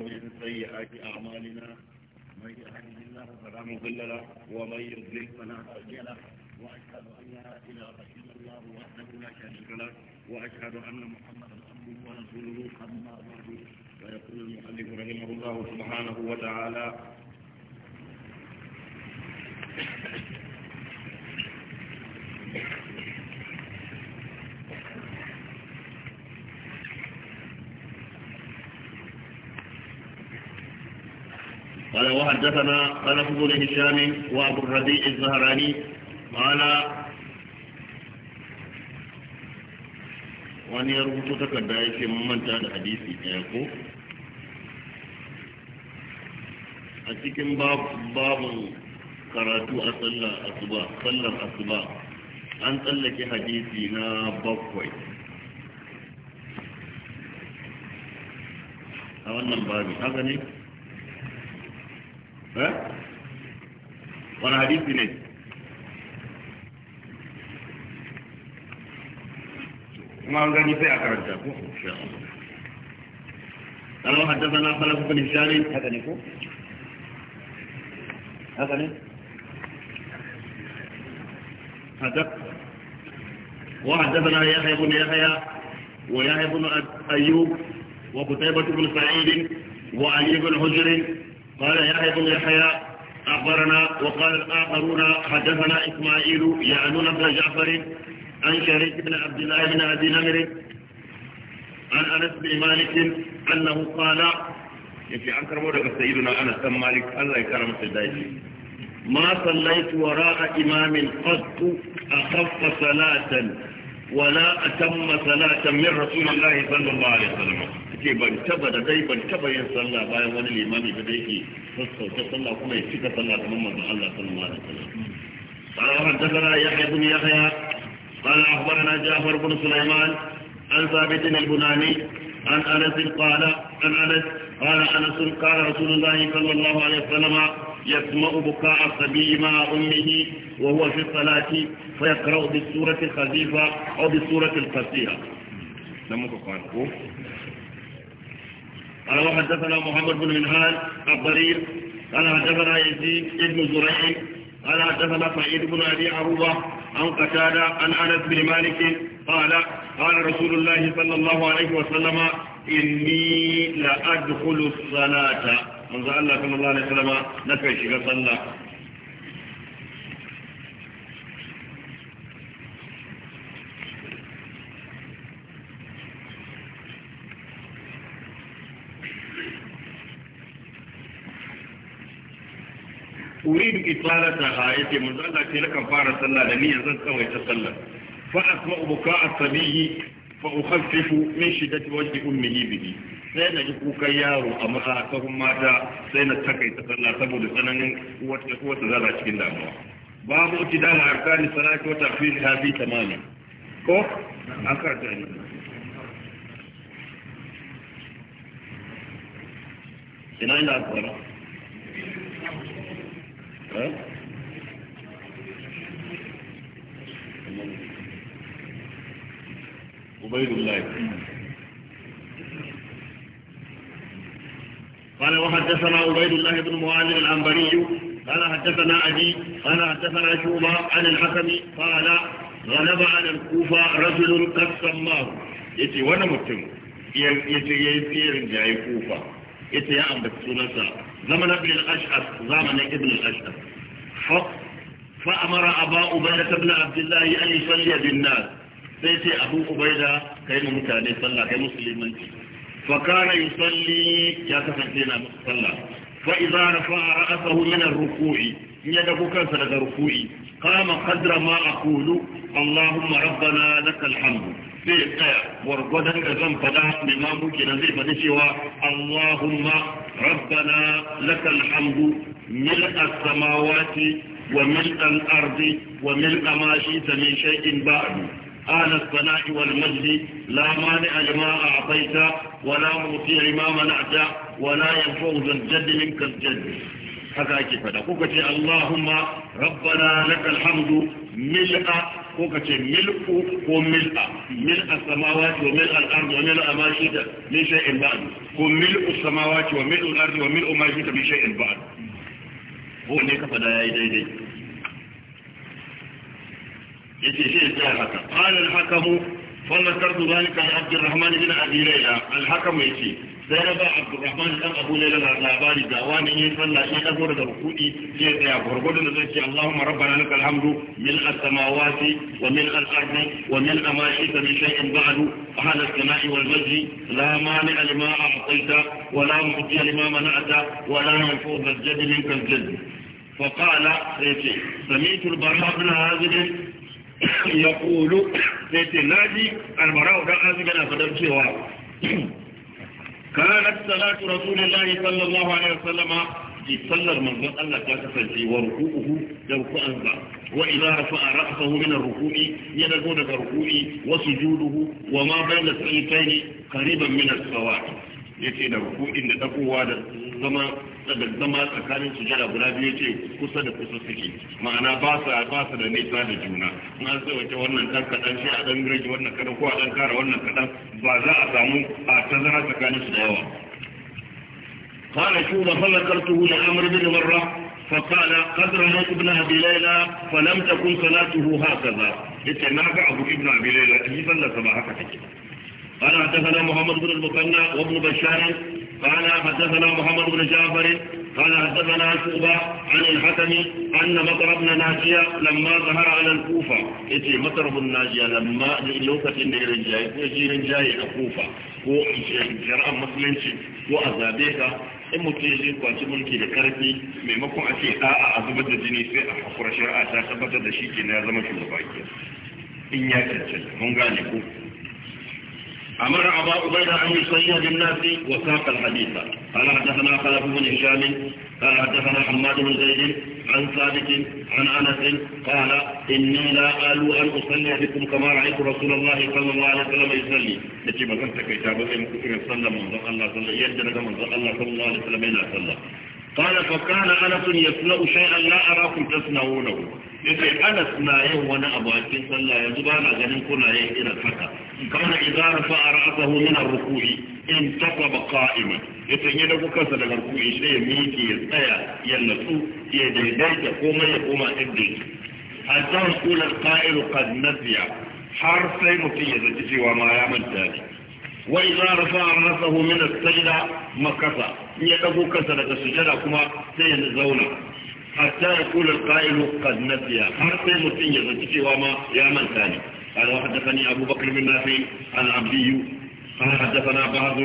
ومن سيئات أعمالنا من يهده الله فلا مضل له ومن يضلل فلا هادي له وأشهد أن لا إله إلا الله وحده لا شريك له وأشهد أن محمدا عبده ورسوله أما بعد فيقول المؤلف رحمه الله سبحانه وتعالى قال وحدثنا قال بن هشام وابو الربيع الزهراني قال wani ya rubuto takarda ya manta da hadisi ɗaya ko a cikin babun karatu a sallar asuba an tsallake hadisi na bakwai a wannan haka ne wani hadisi ne kuma an gani sai a karanta ko قالوا حدثنا خلف بن هشام هذا نكو هذا نكو هذا وحدثنا يحيى بن يحيى ويحيى بن ايوب وقتيبة بن سعيد وعلي بن حجر قال يحيى بن يحيى أخبرنا وقال الآخرون حدثنا إسماعيل يعنون بن جعفر عن شريك بن عبد الله بن أبي نمر عن أنس بن مالك أنه قال يجي عن كرمودك سيدنا أنس بن مالك الله يكرم سيدنا ما صليت وراء إمام قط أخف صلاة ولا أتم صلاة من رسول الله صلى الله عليه وسلم ce ban taba da dai ban taba yin sallah bayan wani limami da yake sassauta sallah kuma ya cika sallah kamar manzon Allah sallallahu alaihi wasallam قال حدثنا يحيى بن يحيى قال اخبرنا جعفر بن سليمان عن ثابت البناني عن انس قال عن انس قال انس قال رسول الله صلى الله عليه وسلم يسمع بكاء الصبي مع أمه وهو في الصلاة فيقرأ بالسورة الخفيفة أو بالسورة القصيرة. لم تقرأ قال وحدثنا محمد بن منهال الضرير قال حدثنا يزيد بن زريع قال حدثنا سعيد بن ابي عروبه عن قتاده عن انس بن مالك قال قال رسول الله صلى الله عليه وسلم إني لأدخل الصلاة من الله صلى الله عليه وسلم نكن شيء صلى uridu itlalata ta yace manzo Allah ce nakan fara sallah da niyyar zan tsawaita sallah fa asma'u buka'a sabihi fa ukhaffifu min shiddati wajhi ummihi bihi sai na ji kukan yaro a masakakun mata sai na takaita sallah saboda tsananin wata wata zara cikin damuwa babu uti da ma arkani salati wa tafsir ha fi tamami ko an karanta ni ina ina tsara ها عبيد الله قال وحدثنا عبيد الله بن معاذ العنبري قال حدثنا أبي قال حدثنا شوبا عن الحكم قال غلب على الكوفة رجل قد سماه يتي وانا متم يتي يتي يرجع الكوفة يتي يا يتي سنسا زمن ابن الأشعث زمن ابن الأشعث فأمر أبا عبيدة بن عبد الله أن يصلي بالناس سيسي أبو عبيدة كي ممتاني صلى كي مسلم فكان يصلي يا كفتنا صلى فإذا رفع رأسه من الركوع يدك كان سلك ركوعي قام قدر ما أقول اللهم ربنا لك الحمد zai tsaya gwargwadon da zan fada mai mamu kenan zai fadi cewa Allahumma rabbana lakal hamdu mil as-samawati wa mil al-ardi wa mil ma shi'ta min shay'in ba'du ala as-sana'i wal majdi la mani'a lima a'taita wa la muti'a lima mana'ta wa la yanfu'u dhal jaddi minkal jaddi haka ake fada ko kace Allahumma rabbana lakal hamdu mil'a ko kace mil'u ko mil'a mil'a samawati wa mil'a al-ardi wa mil'a ma shi'ta min shay'in ba'd ko mil'u samawati wa mil'u al-ardi wa mil'u ma shi'ta min shay'in ba'd ko ne ka fada yayi daidai yace shi ya haka qala al-hakamu فذكرت ذلك لعبد الرحمن بن أبي ليلى الحكم يجي سيربا عبد الرحمن بن أبو ليلى لاباري دعوان يصلى شيء أقول ركوعي شيء يا غربد نزكي اللهم ربنا لك الحمد ملء السماوات وملء الأرض وملء ما شئت من شيء بعد أهل السماء والمجد لا مانع لما أعطيت ولا معطي لما منعت ولا ينفع الجد منك الجد فقال سمعت البراء بن عازب ya kulu sai ce naji almarau dan azu gana fadar cewa kanar salatu rasulullahi sallallahu alaihi wasallama sallar manzon Allah ta kasance wa rukuku da za wa idza rafa'a ra'sahu min ar-ruku'i ya dago daga ruku'i wasu sujuduhu wa ma bayna sayyidayni qariban min as-sawa yace da ruku'in da dakowa da zama kusa da zama tsakanin sujada guda biyu ce kusa da kusa suke ma'ana ba su ba sa da nisa da juna na an tsawaita wannan dan kadan shi a dan rage wannan kadan ko a dan kara wannan kadan ba za a samu a tazara tsakanin su da yawa قال شو فذكرته لعمر بن مرة فقال قد رأيت ابن أبي ليلى فلم تكن صلاته هكذا يتنافع أبو ابن أبي ليلى اللي صلى صباحك قال حدثنا محمد بن المثنى وابن بشار قال حدثنا محمد بن جعفر قال حدثنا شعبة عن الحكم أن مطر بن ناجية لما ظهر على الكوفة إتي مطر بن ناجية لما لوكة رنجاي يجي رنجاي الكوفة ko shari'ar musulunci ko a zabe ka in mutum ya je kwaci mulki da karfi maimakon a ce a'a a zubar da jini sai a hakura shari'a ta tabbatar da shi ke a zama shugaba in ya cancanta mun gane ko أمر أبا عبيدة أن يصلي بالناس وساق الحديث قال حدثنا خلف بن هشام قال حدثنا حماد بن زيد عن ثابت عن أنس قال إني لا آلو أن أصلي بكم كما رأيت رسول الله صلى الله عليه وسلم يصلي لكي ما كنت كتابة إن كنت صلى من الله صلى الله عليه وسلم يجد من الله صلى الله عليه وسلم قال فكان أنس يصنع شيئا لا أراكم تصنعونه yace Anas na yin wani abu a cikin sallah yanzu ba na ganin kuna yin irin haka kana idza rafa'a ra'sahu min ar-ruku'i in taqaba qa'iman yace ne dago kansa daga ruku'i shi ya miƙe ya tsaya ya natsu ya daidaita komai ya koma inda yake hatta qula al-qa'il qad har sai mutum ya zaci cewa ma ya manta ne Wai za a rafa'a rasahu min as saida makasa in ya dago kansa daga sujada kuma sai ya zauna hatta yaqul al-qa'ilu qad nasiya har sai mutum ya zaci cewa ma ya manta ne قال وحدثني أبو بكر بن نافع عن عبدي قال حدثنا بعض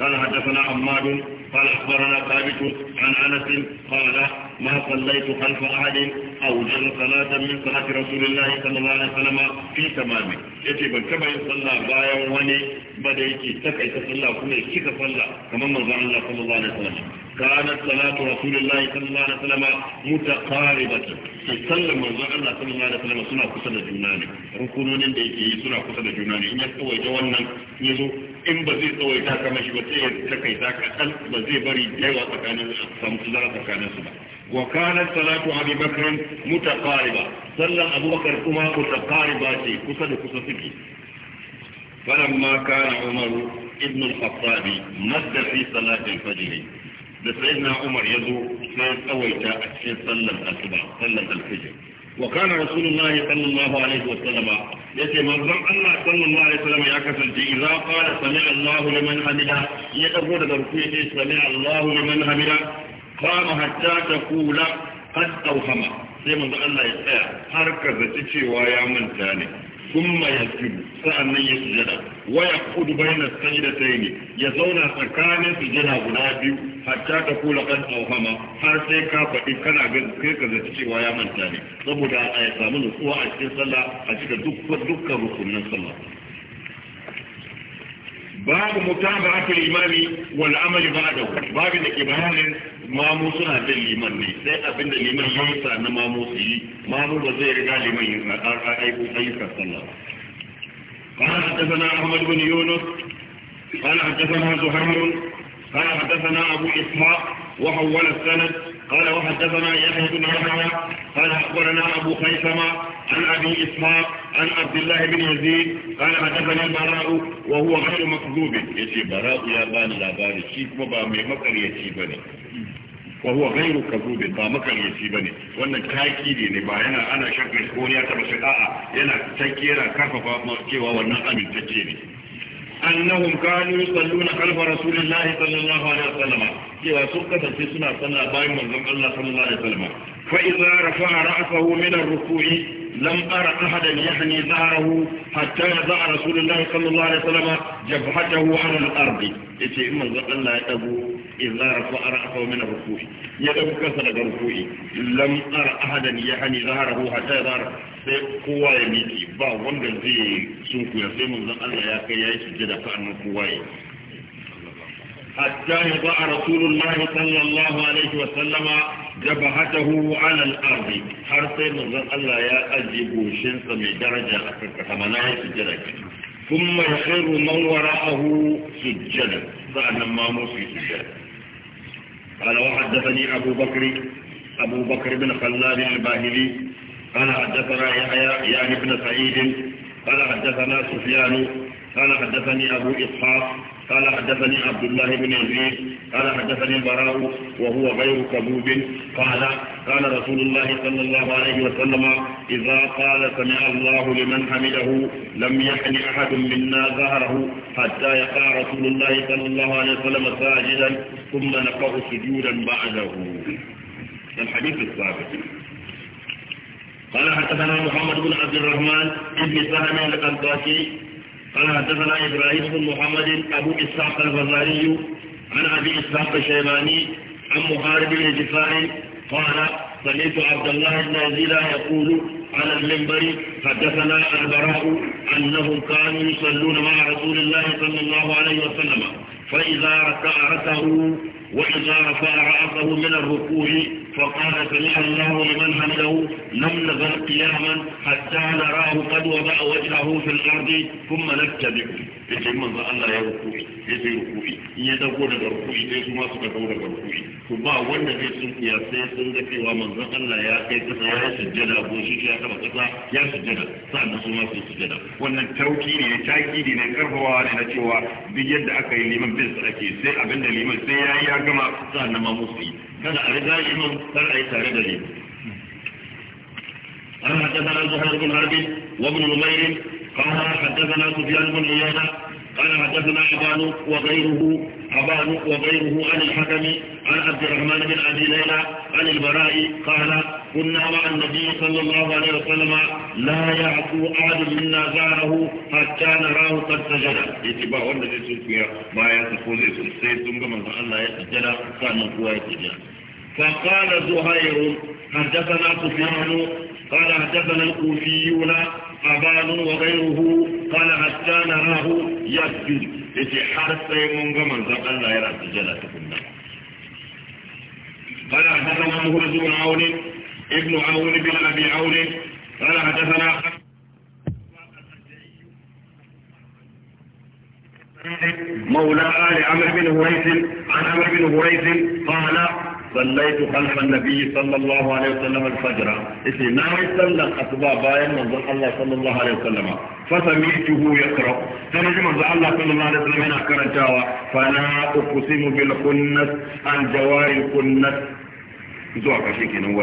قال حدثنا عماد قال أخبرنا ثابت عن أنس قال ما صليت خلف أحد أوجد صلاة من صلاة رسول الله صلى الله عليه وسلم في تمامه ban taba yin sallah bayan wani ba da yake takaita sallah kuma yake ka sallah kamar manzon Allah sallallahu كانت صلاة رسول الله صلى الله عليه وسلم متقاربة sallar manzon Allah sallallahu alaihi suna kusa da juna ne rukunonin da yake yi suna kusa da juna ne in ya kawai da wannan ya in ba zai tsawaita ta mashi ba sai ya takaita kaɗan ba zai bari da yawa tsakanin samu tazara tsakanin su ba wa kanat salatu abi bakr mutaqariba sallan abubakar kuma mutaqariba ce kusa da kusa suke فلما كان عمر ابن الخطاب مد في صلاة الفجر لسيدنا عمر يزو سيد أويتا أتشين صلى الصبح صلى الفجر wa kana rasulullahi sallallahu alaihi yace manzon Allah sallallahu alaihi wa ya kasance idza qala sami'a Allahu liman hamida ya dago daga ruku yace sami'a Allahu liman hamida qama hatta taqula qad awhama sai manzon Allah ya tsaya har ka cewa ya manta ne thumma yasjudu sa'annan ya sujada wa da bayna sajdatayn ya zauna tsakanin sujada guda biyu hatta ta kula kan auhama har sai ka faɗi kana ga kai ka cewa ya manta ne saboda a samu nutsuwa a cikin sallah a cikin dukkan rukunin sallah باب متابعة الإيمان والعمل بعده باب ذلك بيان ما موسى هذا الإيمان سيء أبن الإيمان يوسى أن ما موسى ما هو وزير قال ما أعيب أيك صلى الله قال حدثنا أحمد بن يونس قال حدثنا زهير قال حدثنا أبو إسحاق وحول السند قال وحدثنا يحيى بن يحيى قال أخبرنا أبو خيثمة عن أبي إسحاق عن عبد الله بن يزيد قال حدثني البراء وهو غير مكذوب يشي براء يا بان لا بان شيك وبا مي مكر يشي وهو غير كذوب با مكر يشي بني wannan takidi ne ba yana ana shakka ko a taba shi a'a yana take yana cewa wannan amintacce ne annahum kanu yusalluna khalfa rasulillahi sallallahu alaihi wasallam cewa sun kasance suna sallah bayan manzon Allah لم أرى أحدا يحني ظهره حتى يضع رسول الله صلى الله عليه وسلم جبهته على الأرض إتي إما الله يتبو إذا رفع رأسه من الركوع يدب كسر الركوع لم أرى أحدا يحني ظهره حتى يظهر kowa ya miki ba wanda zai sunkuya sai manzon Allah ya kai yayi sujjada fa annan kowa ya hatta ya ba rasulullahi sallallahu alaihi wa sallama جبهته على الأرض حرصي من الله يا أجيب شنس من درجة حمناه سجدك ثم يخر من وراءه سجدا فأنا ما موسي سجدا قال وحدثني أبو بكر أبو بكر بن خلاد الباهلي قال حدثنا يحيى يعني ابن سعيد قال حدثنا سفيان قال حدثني أبو إسحاق قال حدثني عبد الله بن يزيد قال حدثني البراء وهو غير كذوب قال قال رسول الله صلى الله عليه وسلم إذا قال سمع الله لمن حمده لم يحن أحد منا ظهره حتى يقع رسول الله صلى الله عليه وسلم ساجدا ثم نقع سجودا بعده الحديث الثابت قال حدثنا محمد بن عبد الرحمن بن سهم القنطاشي قال حدثنا إبراهيم بن محمد أبو إسحاق الفزاري عن أبي إسحاق الشيباني عن محارب بن جفار قال سمعت عبد الله بن يزيد يقول على المنبر حدثنا البراء أنهم كانوا يصلون مع رسول الله صلى الله عليه وسلم فإذا ركع ركعه وإذا رفع رأسه من الركوع فقال سمع الله لمن حمده لم نزل قياما حتى نراه قد وضع وجهه في الارض ثم نتبعه yace manzo Allah ya ruku'i ya sai ruku'i in ya daga ruku'i sai su suka dauko daga ruku'i to ba wanda zai sun iya sai sun ga cewa manzo Allah ya kai kasa ya sujjada ko shi ya taba kasa ya sujjada sannan su ma su sujjada wannan tauki ne takidi ne karfawa da na cewa duk yadda aka yi liman bin ake sai abinda sai ya yi ya gama sannan ma musu kada a riga liman kar a yi tare da liman an قال حدثنا سفيان بن عيينة قال حدثنا عبان وغيره عبان وغيره عن الحكم عن عبد الرحمن بن أبي ليلى عن البراء قال كنا مع النبي صلى الله عليه وسلم لا يعفو أحد منا زاره حتى نراه قد سجد يتبع ولد سوف ما يتقول يسوف سيد ثم من الله يسجد كان هو يسجد فقال زهير حدثنا سفيان قال حدثنا الكوفيون أبان وغيره قال حتى نراه يسجد يتي حرس من غمن لا يرى سجلة كنا قال حدثنا مهرز بن عون ابن عون بن أبي عون قال حدثنا مولى آل عمرو بن هريث عن عمرو بن هريث قال sallaitu khalfa nabi sallallahu alaihi wasallam al-fajr yace na yi sallan asuba bayan manzon Allah sallallahu alaihi wasallam fa sami'tuhu yaqra sai ji manzon Allah sallallahu alaihi wasallam yana karantawa fa la uqsimu bil khunnas al jawari khunnas zuwa kashi kenan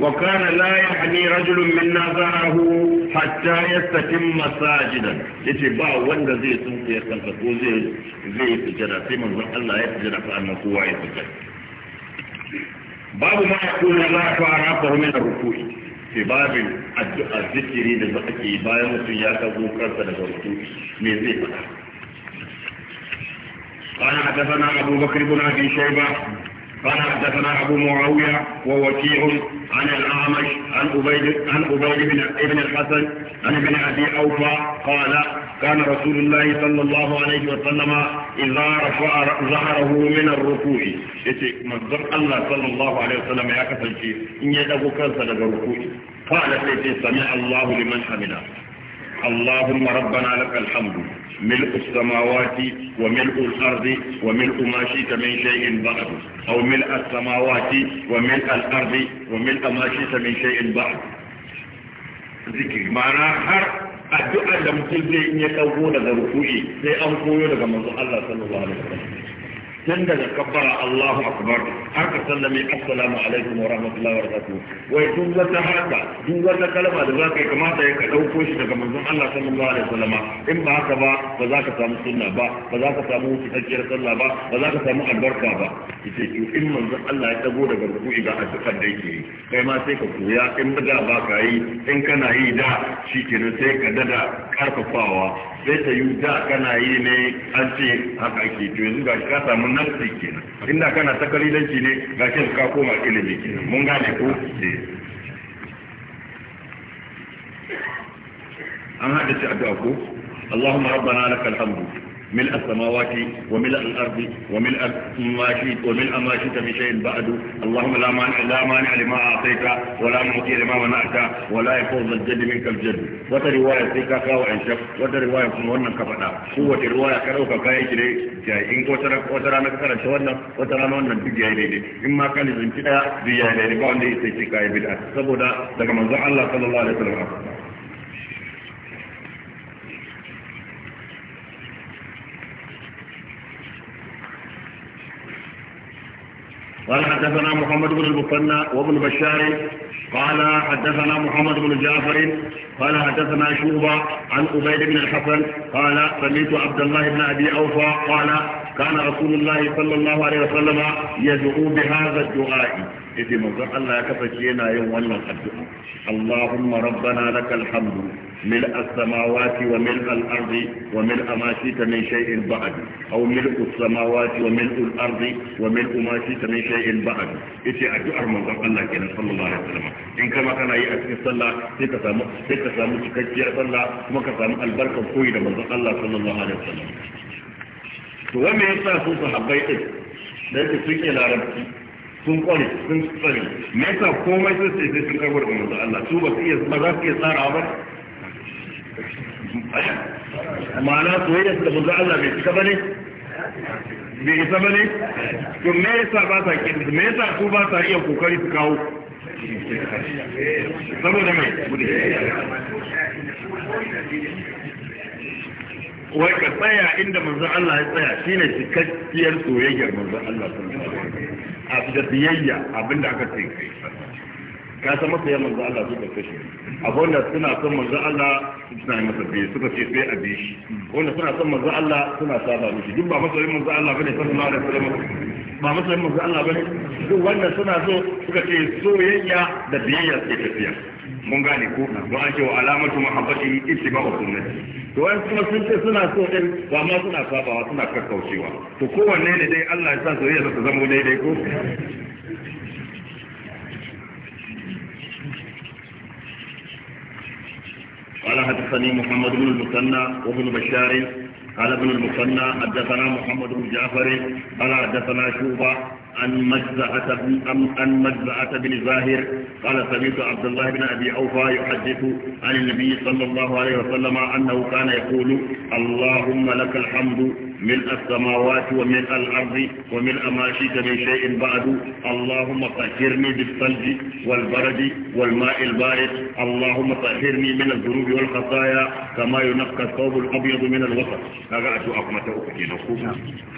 وكان لا يعني رجل منا زاره حتى يستتم مساجدا yace ba wanda zai tsunke kanka ko zai zai sujada sai manzon Allah ya sujada fa kowa ya sujada babu ma yaqulu la fara fa min ar-ruku'i fi addu'a zikiri da ake bayan mutum ya kago kansa daga ruku'i me zai faɗa قال حدثنا أبو بكر بن أبي شيبة قال حدثنا أبو معاوية ووكيع عن الأعمش عن أبيد عن أبيد بن ابن الحسن عن ابن أبي أوفى قال كان رسول الله صلى الله عليه وسلم إذا رفع ظهره من الركوع يتي مصدر الله صلى الله عليه وسلم يا كفلتي إن يدعو كنسى لك الركوع قال سيدي سمع الله لمن حمده اللهم ربنا لك الحمد ملء السماوات وملء الأرض وملء ما شئت من شيء بعد أو ملء السماوات وملء الأرض وملء ما شئت من شيء بعد ذكر ما راحر الدعاء لم تزي إن يتوبون ذا رفوعي سيأم قويو لك منذ الله صلى الله عليه وسلم tun daga kabbara Allahu akbar har ka sallame assalamu alaikum wa rahmatullahi wa barakatuh wai duk wata harka duk wata kalma da za ka yi kamata ya ka dauko shi daga manzon Allah sallallahu alaihi wasallama in ba haka ba ba za ka samu sunna ba ba za ka samu cikakkiyar sallah ba ba za ka samu albarka ba yace to in manzon Allah ya dago daga ruku'i ga addu'ar da yake kai ma sai ka koya in da ba ka yi in kana yi da shikenan sai ka dada karfafawa sai ta yi da kana yi ne an ce haka ake to yanzu ga ka samu ilmun nafsi kenan inda kana ta kalilanci ne ga shi ka koma ilimi kenan mun gane ko ce eh. an haɗa shi addu'a ko اللهم ربنا لك الحمد ملء السماوات وملء الأرض وملء ما شئت وملء ما شئت من شيء بعد اللهم لا مانع لا مانع لما أعطيت ولا معطي لما منعت ولا يفوز الجد منك الجد وتا رواية سيكا كاو أنشف وتا رواية سنونا كفتا قوة رواية كاو كاي كده جاي إن كوترا كوترا نكتر شوانا وترا نونا بيجي هيدي إما كان لزمتنا بيجي هيدي بعد ليس سيكا يبدأ سبودا لكما زعل الله صلى الله عليه وسلم قال حدثنا محمد بن المثنى وابن بشار قال حدثنا محمد بن جعفر قال حدثنا شوبة عن عبيد بن الحسن قال سميت عبد الله بن أبي أوفى قال كان رسول الله صلى الله عليه وسلم يدعو بهذا الدعاء yace manzon Allah ya kasance yana yin wannan addu'a Allahumma rabbana lakal hamdu mil as-samawati wa mil al-ardi wa mil ma ta min shay'in ba'd aw mil as-samawati wa mil al-ardi wa mil ma ta min shay'in ba'd yace addu'ar manzon Allah kenan sallallahu alaihi wasallam in kama kana yi a cikin sallah sai ka samu sai ka samu cikakkiyar sallah kuma ka samu albarkar koyi da manzon Allah sallallahu alaihi wasallam to wanda yasa su sahabbai din da yake sun yi larabci sun kware sun tsare me yasa komai sun sai sai sun kai da manzo Allah su ba su iya ba za su iya tsara ba ma'ana soyayya da manzo Allah bai cika bane bai isa bane to me yasa ba sa kin me yasa su ba sa iya kokari su kawo saboda mai wai ka tsaya inda manzo Allah ya tsaya shine cikakkiyar soyayyar manzo Allah sallallahu alaihi wasallam a da biyayya abinda aka ce ka san masa ya manzo Allah su karfe shi akwai wanda suna son manzo Allah suna yi masa biye suka ce sai a bi shi wanda suna son manzo Allah suna saba mishi duk ba masoyin manzo Allah bane sallallahu alaihi wasallam ba masoyin manzo Allah bane duk wanda suna so suka ce soyayya da biyayya sai tafiya mun gane ko ba a ce wa alamatu mahabbati ittiba'u sunnati to wai kuma sun ce suna so din ba ma suna saba wa suna kakkaucewa to kowanne ne dai Allah ya sa soyayya ta zama daidai ko قال حدثني محمد بن المثنى وابن بشار قال ابن المثنى حدثنا محمد بن جعفر قال حدثنا شوبه عن مجزعة بن عن مجزعة بن زاهر قال سمعت عبد الله بن ابي اوفى يحدث عن النبي صلى الله عليه وسلم انه كان يقول اللهم لك الحمد ملء السماوات وملء الأرض وملء ما شئت من شيء بعد اللهم طهرني بالثلج والبرد والماء البارد اللهم طهرني من الذنوب والخطايا كما ينقى الثوب الأبيض من الوسط هذا أتو أقمة أكتين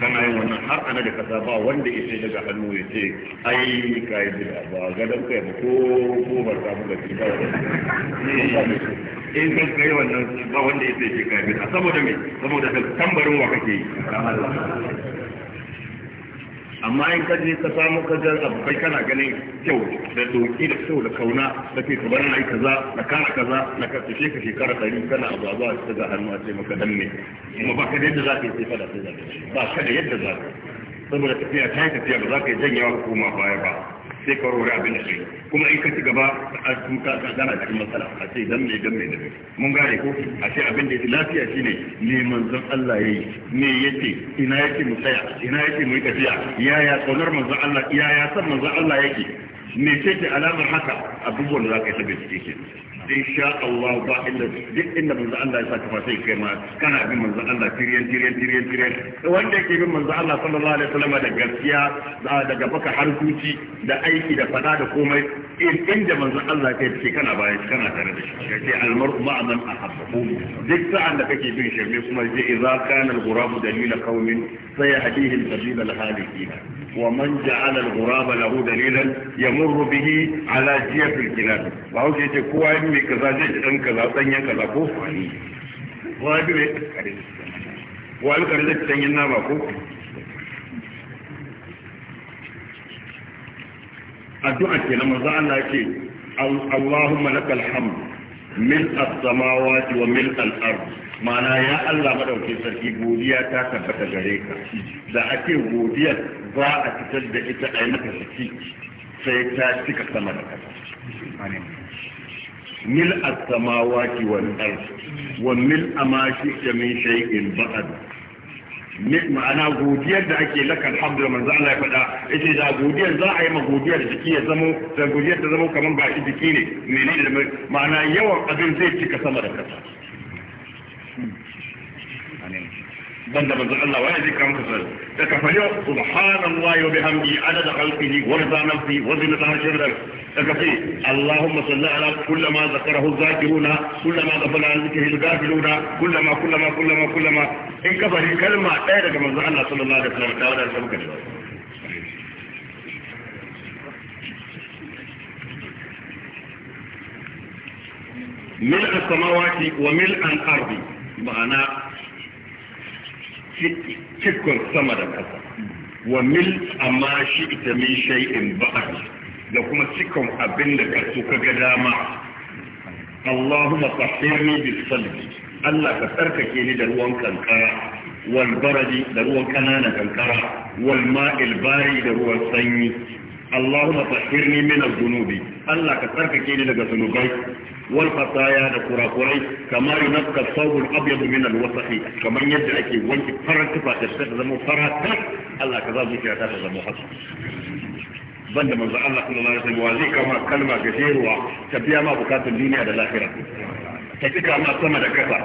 كما يوانا حق أنا لك سابا وندي إسي لك أنه يسي أي كايد الأبا غدا كيف كوبر كابو لك in kan kai wannan ba wanda ya shi kai a saboda me saboda tambarin wa kake yi amma in ka je ka samu ka jar abubai kana ganin kyau da doki da kyau da kauna da ke kamar na yi kaza na kana kaza na ka tafi ka shekara ɗari kana abu ba su ga hannu a ce maka dan ne kuma ba ka da yadda za ka yi sai fada sai ba ka da yadda za ka saboda tafiya ta yi tafiya ba za ka yi janyawa ka koma baya ba sai ka rori abin da kai kuma in ka ci gaba a tuka ka gana cikin matsala a ce dan me dan me dan mun gane ko a ce abin da yake lafiya shine ne manzon Allah yayi me yake ina yake mu tsaya ina yake mu tafiya yaya kaunar manzon Allah yaya san manzon Allah yake ne ce ce alamar haka abubuwan da za ka yi tabi ciki ke in sha Allah ba inda duk inda manzo Allah ya saka fasai kai ma kana bin manzo Allah tiriyan tiriyan tiriyan tiriyan wanda yake bin manzo Allah sallallahu alaihi wasallam da gaskiya daga baka har zuci da aiki da fada da komai in inda manzo Allah kai ce kana baya kana tare da shi kace almar'u ma'a man ahabbu duk sa'an da kake bin shirme kuma je idza kana al-ghurabu dalila qaumin sayahdihi al-sabila al-halikina ومن جعل الغراب له دليلا يمر به على جيف الكلاب باو ke ce kowa ya mai kaza zai ci kaza danyen kaza ko fani kowa ya mai kare kowa ya kare zai ci danyen nama ko ke maza Allah ke Allahumma lakal hamd mil mil mana ya Allah madauki sarki godiya ta tabbata gare ka da ake godiyar za a fitar da ita a maka saki sai ta cika sama da kasa mil as-samawati wal ardh wa mil amashi min shay'in ba'd ma'ana godiyar da ake laka alhamdulillah manzo Allah ya faɗa yace da godiyar za a yi ma godiyar jiki ya zamo da godiyar ta zamo kamar ba shi jiki ne menene ma'ana yawan abin zai cika sama da kasa بند من الله ويهديك عن كسر تكفل سبحان الله وبحمده عدد خلقه ورضا نفسه وزنة عشر تكفي اللهم صل على كل ما ذكره الذاكرون كل ما غفل عن ذكره الغافلون كل ما كل ما كل ما كل ما إن كفل كلمة كما من الله صلى الله عليه وسلم تعالى سبك ملء السماوات وملء الأرض معناه cikon sama da ƙasa wa mil amma shi ita min shay'in ba'd da kuma cikon abin da ka so ka ga dama Allahumma tahhirni bis salbi Allah ka tsarkake ni da ruwan kankara wal baradi da ruwan kanana kankara wal ma'il bari da ruwan sanyi Allahumma tahhirni min adh-dhunubi Allah ka tsarkake ni daga zunubai wal khataya da kurakurai kama yunakka sawul abyad min al wasakh kamar yadda ake wanki farar tufa da ta zama farata Allah ka za zuciya ta zama hasu banda manzo Allah sallallahu alaihi wasallam wa zai kama kalma gajeruwa ta biya ma bukatun duniya da lahira ta cika ma sama da kasa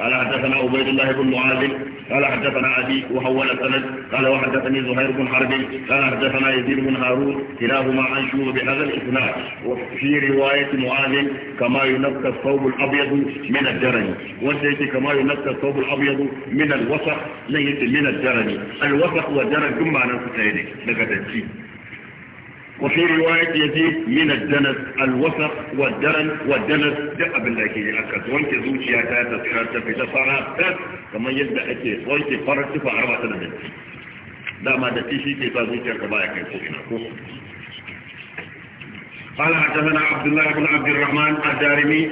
قال حدثنا عبيد الله بن معاذ قال حدثنا أبي وهو الاسند قال وحدثني زهير بن حرب قال حدثنا يزيد بن هارون كلاهما عن شيوخ بهذا الإسناد وفي رواية معاذ كما ينقى الثوب الأبيض من الدرن والزيت كما ينقى الثوب الأبيض من الوسخ ليس من الدرن الوسخ والدرن ثم أنا سيدي لك تجيب وفي رواية يزيد من الدنس الوسخ والدرن والدنس دع بالله كي أكد وانت زوجي أتاتا تحرتا في تصارا أكد كما يبدأ أكيد وانت فرد تفع أربعة دنس دا ما دتيشي كي تزوجي أكبايا كي تسوئنا قال حدثنا عبد الله بن عبد الرحمن الدارمي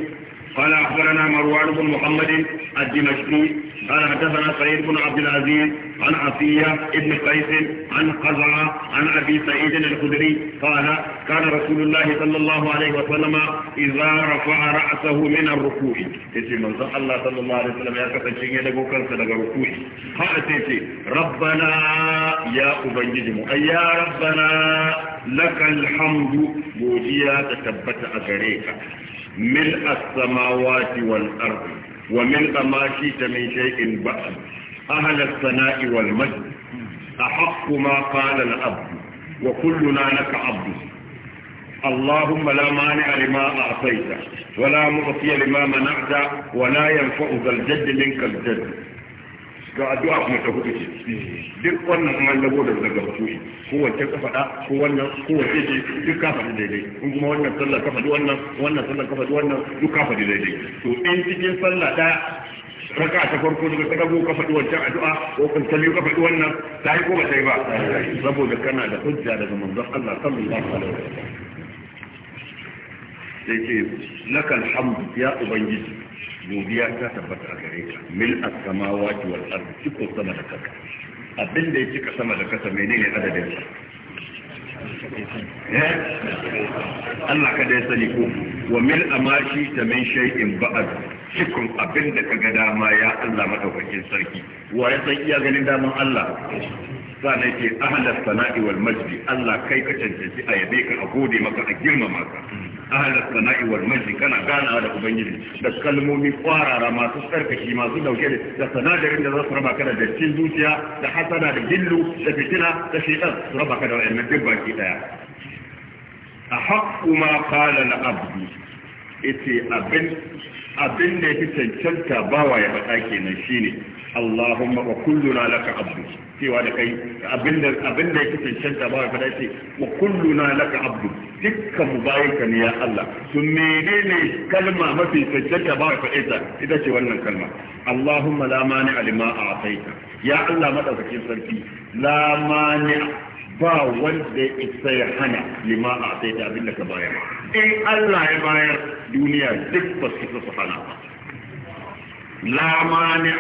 قال أخبرنا مروان بن محمد الدمشقي قال حدثنا سعيد بن عبد العزيز عن عطية بن قيس عن قزعة عن أبي سعيد الخدري قال كان رسول الله صلى الله عليه وسلم إذا رفع رأسه من الركوع تيجي من الله صلى الله عليه وسلم يا كفن شيء يدقو كنسا دقا ركوع قال تيجي ربنا يا أبنجدم أي يا ربنا لك الحمد بوديا تثبت أغريك ملء السماوات والأرض وملء ما شئت من شيء بعد أهل الثناء والمجد أحق ما قال العبد وكلنا لك عبد اللهم لا مانع لما أعطيت ولا معطي لما منعت ولا ينفع ذا الجد منك الجد ga addu'a kuma ta hudu ce duk wannan an an labo da daga mutuwi ko wacce ka faɗa ko wannan ko wacce ce duk ka faɗi daidai in kuma wannan sallah ka faɗi wannan wannan sallah ka faɗi wannan duk ka faɗi daidai to in cikin sallah ɗaya raka ta farko daga ta gabo ka faɗi wancan addu'a ko kun sallu ka faɗi wannan ta yi ko ba ta yi ba saboda kana da hujja daga manzon Allah sallallahu alaihi wasallam sai ce lakal hamd ya ubangiji godiya ta tabbata a gare ka mil as-samawati wal ardi cikin sama da kasa abin da ya cika sama da kasa menene adadin sa eh? Allah ka dai sani ko wa mil amashi ta min shay'in ba'd cikin abin da kaga dama ya Allah madaukakin sarki wa ya san iya ganin daman Allah sannan ce ahlas sana'i wal majdi Allah kai ka cancanci a yabe ka a gode maka a girmama ka ahal sana'i wal kana gana da ubangiji da kalmomi kwarara masu tsarkaki masu dauke da sanadarin da za su raba ka da dattin zuciya da hasada da gillu da fitina da shaitan su raba ka da wayannan duk baki daya a haƙƙu ma kala na abdu ita abin abin da fi cancanta bawa ya faɗa kenan shine Allahumma wa kulluna laka abdu cewa da kai abin da abin da yake cancanta bawa ya faɗa ce wa kulluna laka abdu dukkan mu bayanka ne ya Allah to menene kalma mafi cancanta bawa ya faɗa ta ita ce wannan kalma Allahumma la mani alima a'taita ya Allah madaukakin sarki la mani ba wanda ya isa ya hana lima a sai da abin da ka bayar in Allah ya bayar duniya duk ba su su hana ba la mani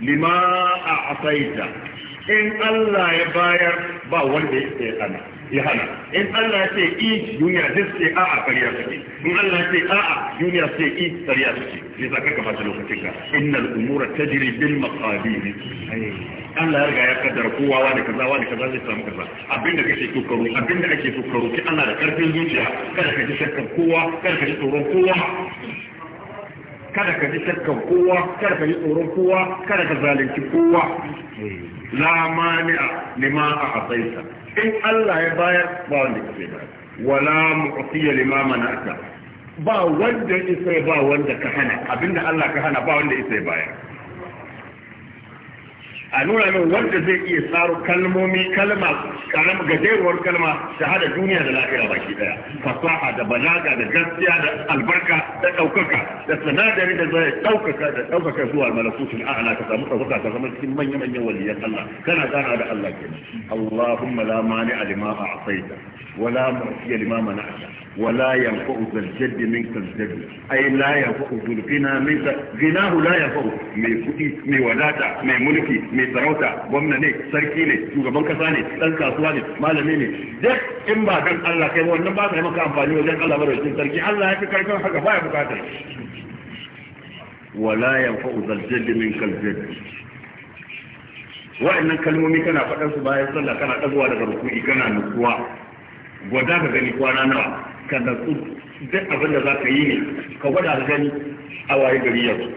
lima a asaita in Allah ya bayar ba wanda ya isa ya hana ya hana in Allah ya ce i duniya zai ce a a kariya take in Allah ya ce a a duniya ce i kariya take ne za ka kamata lokacin ka innal umura tajri bil maqadir Allah ya riga ya kaddara kowa wani kaza wani kaza zai samu kaza abinda kake so karo abinda ake so karo ki Allah da karfin zuciya kada ka ji shakkar kowa kada ka ji tsoron kowa kada ka ji shakkan kowa kada ka ji tsoron kowa kada ka zalunci kowa la mani'a lima a asaita in Allah ya bayar ba wanda ka zai bayar wala mu'tiya lima mana'aka ba wanda isa ba wanda ka hana abinda Allah ka hana ba wanda isa ya bayar a nuna min wanda zai iya tsaro kalmomi kalma karam gajeruwar kalma da hada duniya da lafiya baki daya fasaha da balaga da gaskiya da albarka da daukaka da sanadari da zai daukaka da daukaka zuwa malakutul a'la ka samu daukaka ka zama cikin manyan manyan waliyan Allah kana gana da Allah kenan Allahumma la mani'a lima a'taita wala mu'tiya lima mana'ta ولا ينفع ذا الجد منك الجد اي لا ينفع ذو الغنى منك غناه لا ينفع مي كدي مي وداتا مي ملكي mai sarauta gwamna ne sarki ne shugaban kasa ne dan kasuwa ne malami ne duk in ba dan Allah kai wannan ba sai maka amfani wajen Allah shi sarki Allah ya fi karfin haka baya bukata wala yanfa'u zal jadd min kal jadd wa'annan kalmomi kana faɗan su bayan sallah kana dagowa daga ruku'i kana nutsuwa gwada ka gani kwana nawa ka natsu duk abin da za ka yi ne ka gwada ka gani a waye gari yau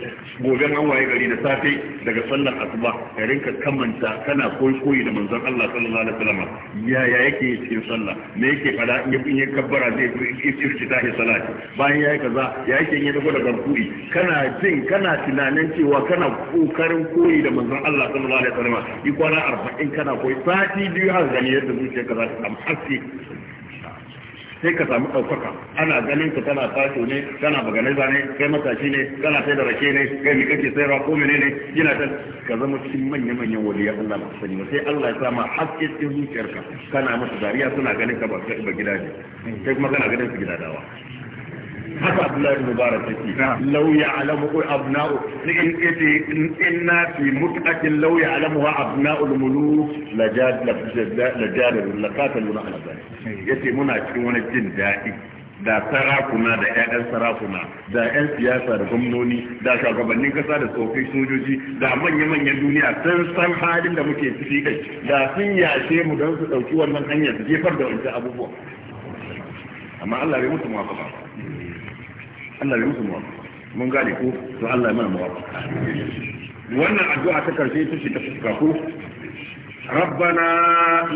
gobe an waye gari da safe daga sallar asuba ka rinka kamanta kana koyi da manzon Allah sallallahu alaihi wasallam yaya yake cikin sallah me yake fada in ya kabbara zai yi tahi salati bayan yayi kaza ya yake yin dago da barkuri kana jin kana tunanin cewa kana kokarin koyi da manzon Allah sallallahu alaihi wasallam yi kwana 40 kana koyi sati biyu har gani yadda zuciyarka za ta amsa sai ka samu ɗaukaka ana ganin ka kana fato ne kana maganiza ne kai matashi ne kana sai da rake ne kai mi kake sayarwa ko mene ne yana ta ka zama cikin manya manyan ya Allah sani sai Allah ya sama ma haske cikin zuciyarka kana masa dariya suna ganin ka ba gida ne sai kuma kana ganin su gidadawa haka Abdullahi bin Mubarak yake law ya'lamu abna'u in yace inna fi mutaqin law ya'lamu wa al muluk lajad lajad al ala yace muna cikin wani jin daɗi da sarakuna da ƴaƴan sarakuna da ƴan siyasa da gwamnoni da shugabannin kasa da tsofaffin sojoji da manya-manyan duniya sun san halin da muke ciki kai da sun yashe mu don su ɗauki wannan hanyar jefar da wancan abubuwa amma Allah bai mutu ba Allah ya musu muwafa mun gane ko to Allah ya mana muwafa wannan addu'a ta karshe ta ce ta fuska ko rabbana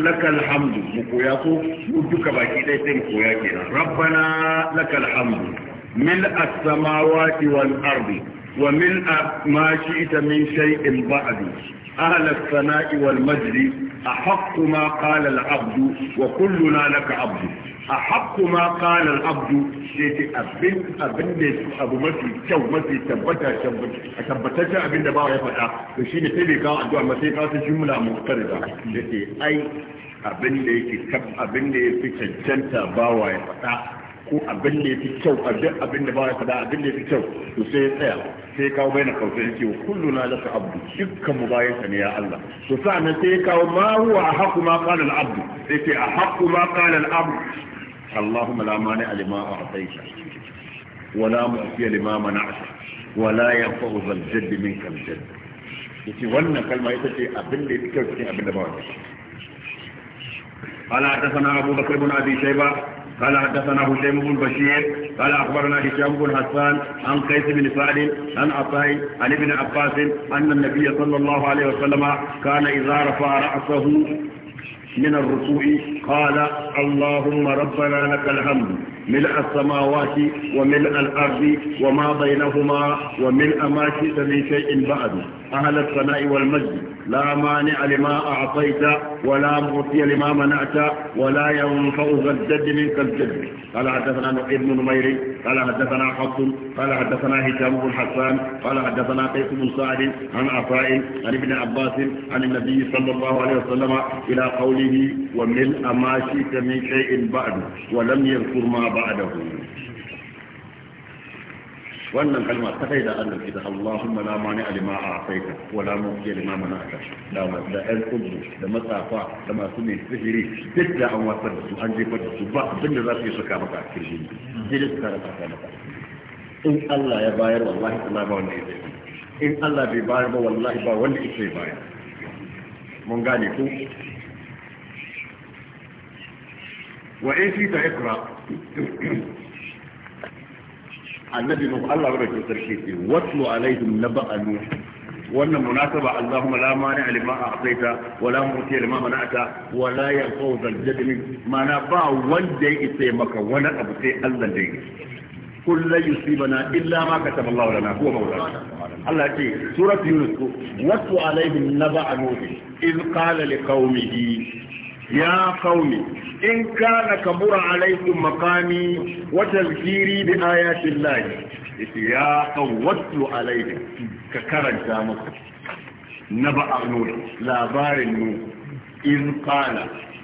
lakal hamdu mu koya ko mu duka baki dai sai mu koya kenan rabbana lakal hamdu mil as-samawati wal ardi ومن ما شئت من شيء بعد أهل الثناء والمجد أحق ما قال العبد وكلنا لك عبد أحق ما قال العبد شئت أبن أبن أبو مسي شو مسي تبتا تبتا أبن دباغ يفتا وشين تبقى أدوى مسيقات جملة مختلفة شئت أي abin da yake abin da ya fi cancanta bawa ya faɗa ko abin da fi kyau abin abin da ba ya fada abin da fi kyau to sai ya tsaya sai kawo bai na kausa ya ce kullu na laka abdu dukkan mu bayan ka ne ya Allah to sa'an sai ya kawo ma huwa haku ma qala abdu sai ce a haku ma Abdu. qala al abdu اللهم لا مانع لما اعطيت ولا معطي لما منعت ولا ينفع ذا الجد منك الجد yace wannan kalma ita ce abin da fi kyau cikin abin da ba wani ala hadathana abu bakr ibn abi shayba قال حدثنا هشام بن بشير قال اخبرنا هشام بن حسان عن قيس بن سعد عن عطاء عن ابن عباس ان النبي صلى الله عليه وسلم كان اذا رفع راسه من الركوع قال اللهم ربنا لك الحمد ملء السماوات وملء الأرض وما بينهما وملء ما شئت من شيء بعد أهل الثناء والمجد لا مانع لما أعطيت ولا معطي لما منعت ولا ينفع ذا الجد منك الجد قال حدثنا بن نمير قال حدثنا حفص قال حدثنا هشام بن حسان قال حدثنا قيس بن سعد عن عطاء عن ابن عباس عن النبي صلى الله عليه وسلم إلى قوله وملء ما شئت من شيء بعد ولم يذكر ما بعده wannan kalma kadai da Allah ita Allahumma la mani alima a afaita wa la mu'ti lima mana'ata da da ɗan kudu da matsafa da masu mai sihiri duk da an wasar da su an jefar da su ba abin da za su yi saka maka a kirjin sai da suka rasa maka in Allah ya bayar wallahi Allah ba wanda ya in Allah bai bayar ba wallahi ba wanda ya sai bayar mun gane ku wa in shi ta ikra annabi nuhu Allah barkin sarki ce watlu alaihim naba'a nuhu wannan munasaba Allahumma la mani alima a asaita wala muti alima mana'ata wala yanfau zal jadmi mana ba wanda ya isa maka wani abu sai Allah da yake kullu yusibana illa ma kataba Allah lana huwa Allah ce surat yunus watlu alaihim naba'a iz qala liqaumihi يا kauni إن كان كبر عليكم مقامي وتذكيري بآيات الله يا قوم واتل عليكم ككرن جامك نبأ نوح لا بار Labarin إذ قال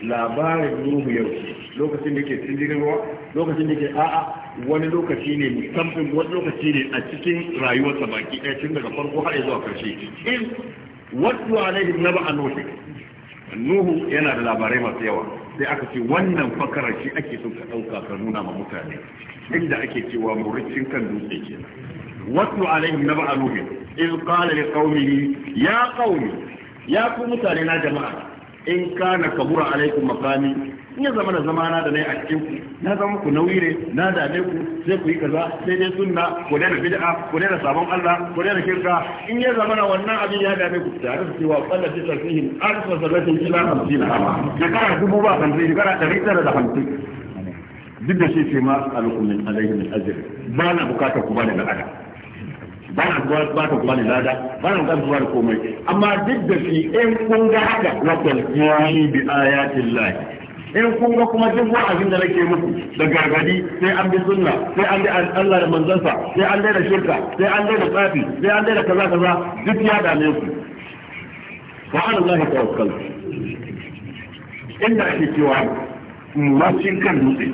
لا بار نوح يوشي lokacin da ke cikin ruwa lokacin da ke a'a wani lokaci ne musamman wani lokaci ne a cikin rayuwarsa baki ɗaya tun daga farko har zuwa karshe in wasu alaihi na a nufi nuhu yana da labarai masu yawa sai aka ce wannan fakarar shi ake so ka ɗauka ka nuna ma mutane inda ake cewa muriccin kan dutse ke wasu alaihim na ba'a in qala li ya kaumi ya ku mutane na jama'a in kana kabura alaikum makami. in ya zama da zamana da nai a cikin ku na zama ku nauyi ne na dame ku sai ku yi kaza sai dai sunna ku da bid'a ku da sabon Allah ku da kirka in ya zama na wannan abin ya dame ku tare da cewa Allah ya sarfihin arfa salatin ila 50 ama kana dubu ba kan sai da hamsin duk da shi ce ma alukum min alayhi min ajr ba na bukatar ku ba da ada ba na ba ta kuma lada ba na ga komai amma duk da shi in kun ga haka wa kalfiyi bi ayatin lahi in kun ga kuma duk wa'azin da nake muku da gargadi sai an bi sunna sai an bi Allah da manzansa sai an daina shirka sai an daina tsafi sai an daina kaza kaza duk ya dame ku wa ala Allah tawakkal inda ake cewa mashin kan dutse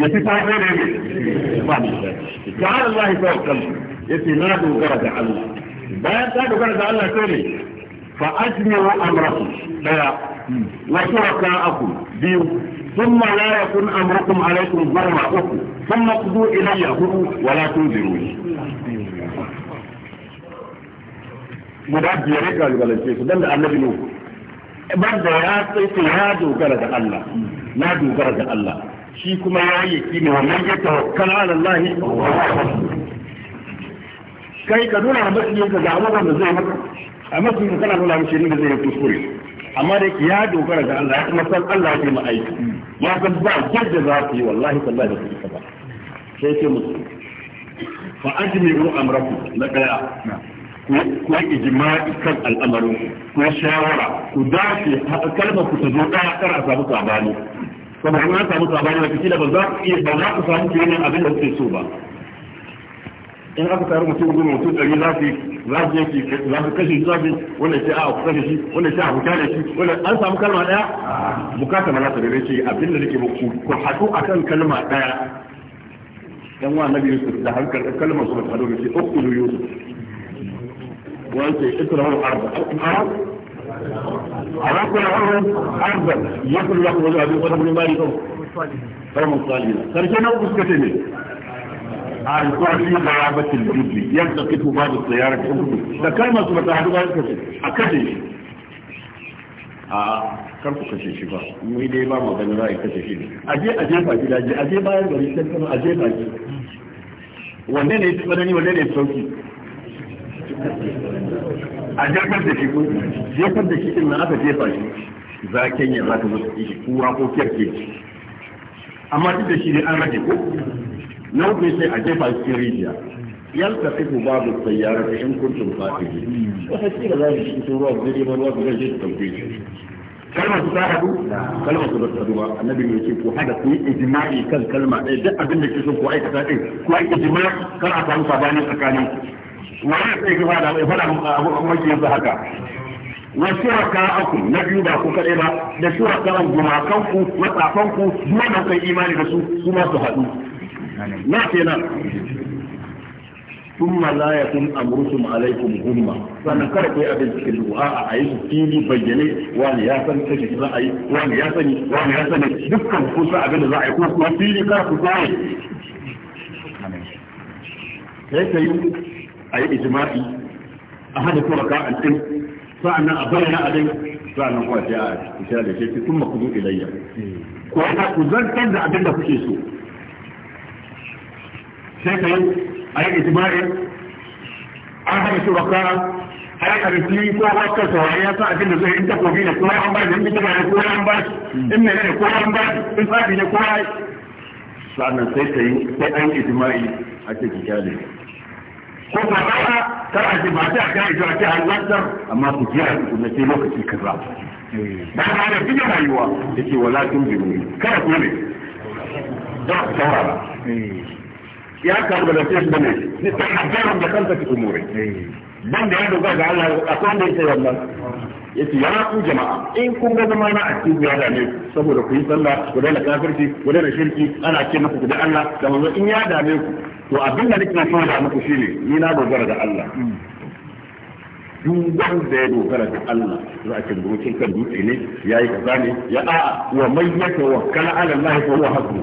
ya fi ta ne ne ba ni ta ala Allah tawakkal yace na dogara ga Allah bayan ta dogara da Allah sai ne fa ajmiu amrakum daya wa shuraka'akum biyu ثم لا يكن امركم عليكم ظلما اخو ثم اقضوا الي هدوا ولا تنذروني guda biyar ya kalubalance su don da annabi nuhu ban da ya tsaye ya dogara da Allah na dogara da Allah shi kuma ya yi kini wannan ya tawakkala ala Allah kai ka nuna masu yin ka ga abubuwan da zai maka a masu yin kana nuna mashi yin da zai kuskure amma da ya dogara ga Allah kuma san Allah ne mu aiki ya san ba yadda za ku yi wallahi sallah da kuka ba sai ce musu fa ajmi'u amrakum na daya ku yi ijma'i kan al'amarin ku shawara ku dace kalmar ku ta zo daya kar a samu sabani kuma an samu sabani da kila ba za ku iya ba za ku samu kenan abin da kuke so ba in aka taru mutum goma mutum ɗari za su za su yanki za su kashe shi za su wanda ce a ku kashe shi wanda ce a ku kyale shi wanda an samu kalma ɗaya bukata mana ta dare ce abinda nake muku ku haɗu akan kalma ɗaya dan wa nabi yusuf da hankal kalmar su ta dole ce uqulu yusuf wanda ikrahu arba أراكم العرب أرضا يقول لكم وجه أبي وجه من مالكم قوم صالحين فرجعنا وبسكتين alfahari da rabatin jirgi yadda kito ba da tsayarar kudu da kalmar su bata haɗu ba suka ce a kashe shi a kar ku kashe shi ba mu dai ba mu ganin ra'ayi kashe shi a je a jefa gida je a je bayan gari sai kuma a jefa shi wanne ne ya tsanani wanne ne ya sauki a jefar da shi ko jefar da shi din nan aka jefa shi zaken ya za ta zo shi kura ko kyarke amma duk da shi ne an rage ko nau'i sai a jefa cikin rijiya يلتقط بعض السيارة إن كنتم قاتلين وحسين ذلك في رواب ذري ورواب رجل التوفيق كلمة تساعدوا كلمة تبتدوا النبي يوسف وحدة كوي إجماعي كل كلمة إذا أبن لك يوسف كوي كتاتي كوي إجماع كل أصحاب صاباني أكاني ولا تيجوا هذا فلا أبو أمي يزهكا وشركاءكم نبي ba ku kaɗai ba da shurakawan gumakanku matsafanku duk wanda kai imani da su su su haɗu na kenan ثم لا يكن امركم عليكم غمة sannan kada ku yi abin cikin du'a a fili bayyane wani ya san kashi za a wani ya sani wani ya sani dukkan ku sa da za a kuma fili kada ku sai sai a yi ijma'i a hada turaka a cikin sa'annan a bayyana abin sa'annan kuwa sai a cikin da shi kuma eh. ku zo ilayya ko ku zantar da abin da kuke so sai ka yi a yi ijma'in an haɗa shuraka a yi ƙarfi ko wakar saurari ya sa abin da zai in takobi ne kowa an ba shi in bita ne kowa an ba shi in mene ne kowa an ba shi in tsafi ne kowa ya sannan sai ka yi sai an ijma'i a ce ki kyale ko ba ba kar a ji ba ta ga ijma'i ta halartar amma ku ji a cikin sai lokaci kaza ba ta da duk rayuwa yake wala tun jirgin kada ku ne da saurara eh. ya karu da lafiya shi bane ni ta haddaran da kanta ki umure ban da ya dogara ga Allah akwai wanda yake wannan yace ya ku jama'a in kun ga zama na asibi ya dame saboda ku yi sallah ku daina kafirci ku daina shirki ana ce muku da Allah da manzo in ya dame ku to abin da nake so da muku shine ni na dogara da Allah duk wanda ya dogara da Allah za a cin dokin kan dutse ne ya yi kaza ne ya a'a wa mai wa tawakkala ala Allah fa huwa hasbuh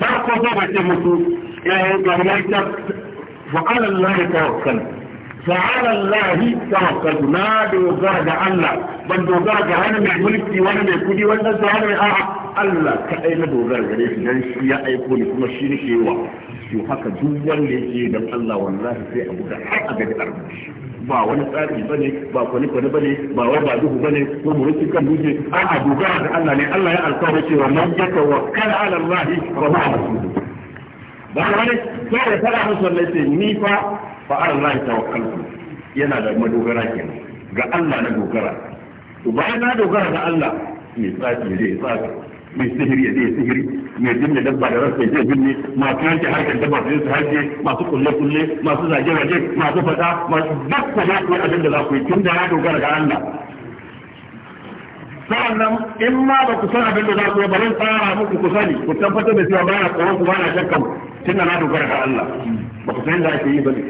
farko sai ba ce musu يا يتوكل فعلى الله توكل فعلى الله توكل ما دوغر ده الله بل دوغر ده وانا من ملكي وانا من كودي وانا ده من آه الله كأين دوغر غريب لن شيء يكون كما شيء شيء to haka duk wanda yake da Allah wallahi sai abu da har a gari arziki ba wani tsari bane ba kwani kwani bane ba wai ba duhu bane ko murukin kan duje a dogara da Allah ne Allah ya alƙawari cewa man yatawakkal ala Allah ba ka bane sai da fara musu wannan sai ni fa fa Allah tawakkaltu yana da madogara kenan ga Allah na dogara to bayan na dogara ga Allah mai tsafi zai tsafi mai sihiri ya zai sihiri mai binne dabba da rasa ya binne masu yanke harkar dabba su su harke masu kulle kulle masu zage zage masu fada masu duk ku za ku yi abin da za ku yi tun da na dogara ga Allah sa'annan in ma ba ku san abin da za ku yi bari tsara muku ku sani ku tabbatar da cewa ba na tsoron ku ba na shakkan tun da na dogara ga Allah ba ku san da ake yi ba ne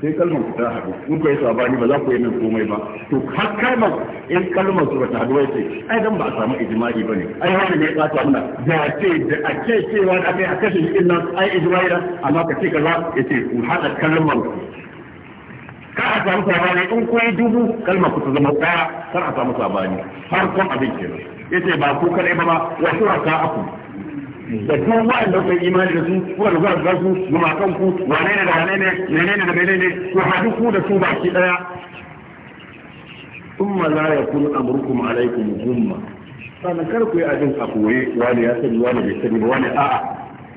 sai kalmar ku ta haɗu in ku yi sabani ba za ku yi min komai ba to har kalmar in kalmar su ba ta haɗuwa ce ai dan ba a samu ijimai ba ne ai wani ne ya tsata muna da ce da a ce cewa da a kai a kashe shi din nan ai ijimai da amma ka ce kaza ya ce ku haɗa kalmar ku ka a samu sabani in ko yi dubu kalma ku zama daya kar a samu sabani har kun abin ya ce ba ku kadai ba ba wa shuraka aku da duk wanda kai imani da su kuma da zuwa su zuma kan ku wane ne da wane ne ne da ne. ku hadu ku da su ba ɗaya. Umma ثم ya kunu أمركم alaikum غمة sana kar ku yi abin a koye wani ya sani wani bai sani ba wani a'a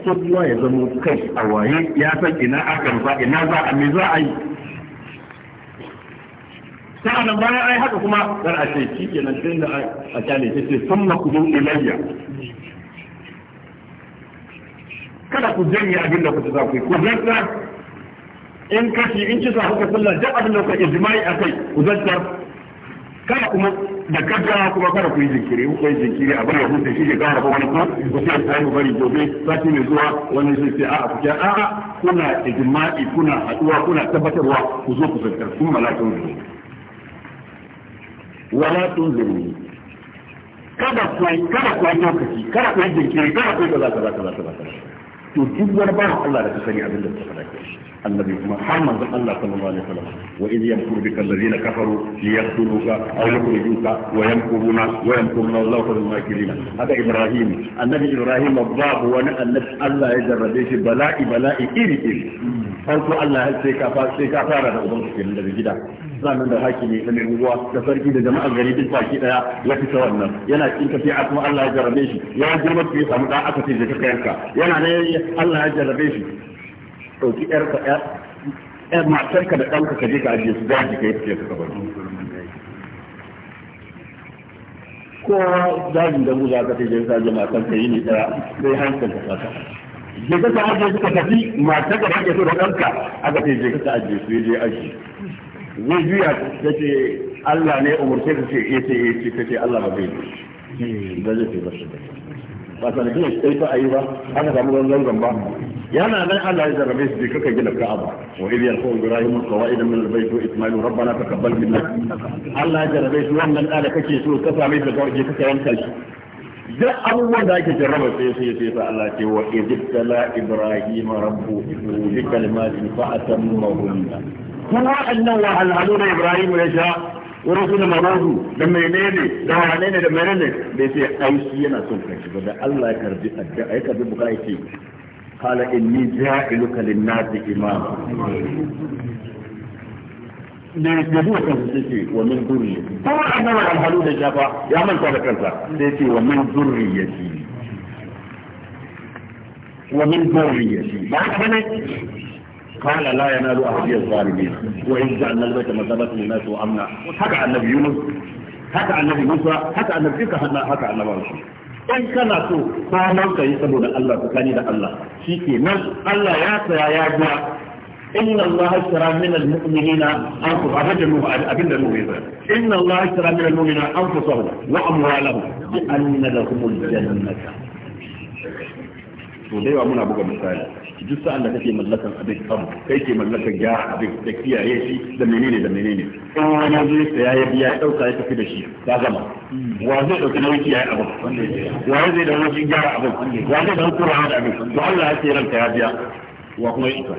kowa ya zama kai a waye ya san ina aka rufa ina za a me za a yi sa'an nan bayan ai haka kuma kar a ce shi kenan sai da a kyale ta ce sun makudu ilayya kada ku janye abin da kuka zafi ku yi in kashi in kisa kuka sallah duk abin da kuka ijma'i akai ku zarta kada kuma da gaggawa kuma kada ku yi jinkiri ku yi jinkiri a bari hutu shi ke gara ko wani ko ku sai sai ku bari gobe sati mai zuwa wani zai sai a'a ku ce a'a kuna ijma'i kuna haduwa kuna tabbatarwa ku zo ku zarta kun malakun zuwa wala tunzirni kada ku kada ku lokaci kada ku jinkiri kada ku kaza kaza kaza kaza to duk wani ba Allah da ka sani abin da ta ka faɗa annabi kuma har manzon Allah sallallahu alaihi wasallam wa idh yamkuru bika alladhina kafaru liyaqtuluka aw yukhrijuka wa yamkuruna wa yamkuruna Allahu khayrul makirin hada Ibrahim annabi Ibrahim babu wani annabi Allah ya jarrabe shi bala'i bala'i iri iri farko Allah sai ka fara da ubanka kenan daga gida sannan da ne da mai unguwa da sarki da jama'ar gari duk baki daya ya fita wannan yana cikin tafiya kuma Allah ya jarabe shi ya girma ya samu da aka ce ka yanka yana ne Allah ya jarabe shi dauki yar ka yar matar ka da ɗanka ka je ka ajiye su daji kai ka ka bar ko dajin da mu za ka je ka ajiye matar ka yi ne daya sai hankalin ka saka je ka ajiye suka tafi matar ka da kake so da ɗanka aka ce je ka ajiye su je ajiye ne juya ta ce Allah ne umarce ka ce ece ece ta ce Allah ba zai yi ba zai ce ba shi ba ta da gina sai ta ayi ba aka samu zanzan zamba yana nan Allah ya zarrabe su kaka gina Ka'aba wa idh yarfu Ibrahim qawaida min al-bayt wa Ismail rabbana taqabbal minna Allah ya zarrabe su wannan da kake so ka same shi kawai kaka yanka shi duk abubuwan da ake jarraba sai sai sai sa Allah ce wa idh tala Ibrahim rabbuhu bi kalimatin fa atammahu duk waɗannan wahalhalu da Ibrahim ya sha wurin su da maradu da menene da wahalene da menene da ya ce ai yana son ka shiga da Allah ya karbi addu'a ya karbi buƙa ya ce qala inni ja'iluka lin-nasi imama da ya zuwa kansa sai ce wa min zurriyati ko annan alhalu da shafa ya manta da kansa sai ce wa min zurriyati wa min zurriyati ba ka bane قال لا ينال أهدي الظالمين وإن جعلنا البيت مثابة للناس وأمنا حكى عن النبي يونس حكى عن النبي موسى حكى عن النبي كهنا حكى عن النبي إن كان سوء فمن كان يسمون الله فكاني ده الله شيكي من الله يا يا جا إن الله اشترى من المؤمنين أنفسهم إن الله اشترى من المؤمنين أنفسهم وأموالهم بأن لهم الجنة to da yawa muna buga misali duk sa'an da kake mallakan abin kan kai ke mallakan gyara abin da kiyaye shi da menene da menene in wani zai saya ya biya ya dauka ya tafi da shi ta gama wa zai dauki nauyin kiyaye abin wa zai da nauyin gyara abin wa zai da hukura da abin to Allah ya ce ranka ya biya wa kuma ita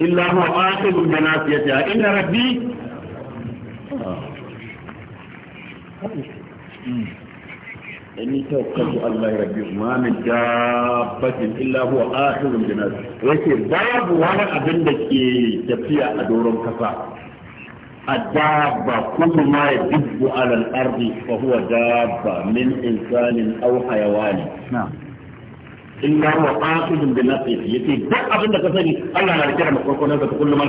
إلا هو آخذ بناصيتها إن ربي آه. inni tawakkaltu Allah rabbi ma min illa huwa akhirun bi nasr yace babu wani abin da ke tafiya a doron kasa الدابة كل ما يدب على الأرض فهو دابة من إنسان أو حيوان نعم إلا هو قاصد بنفسه يتي دع أبن كسري الله لا يكرم كل ما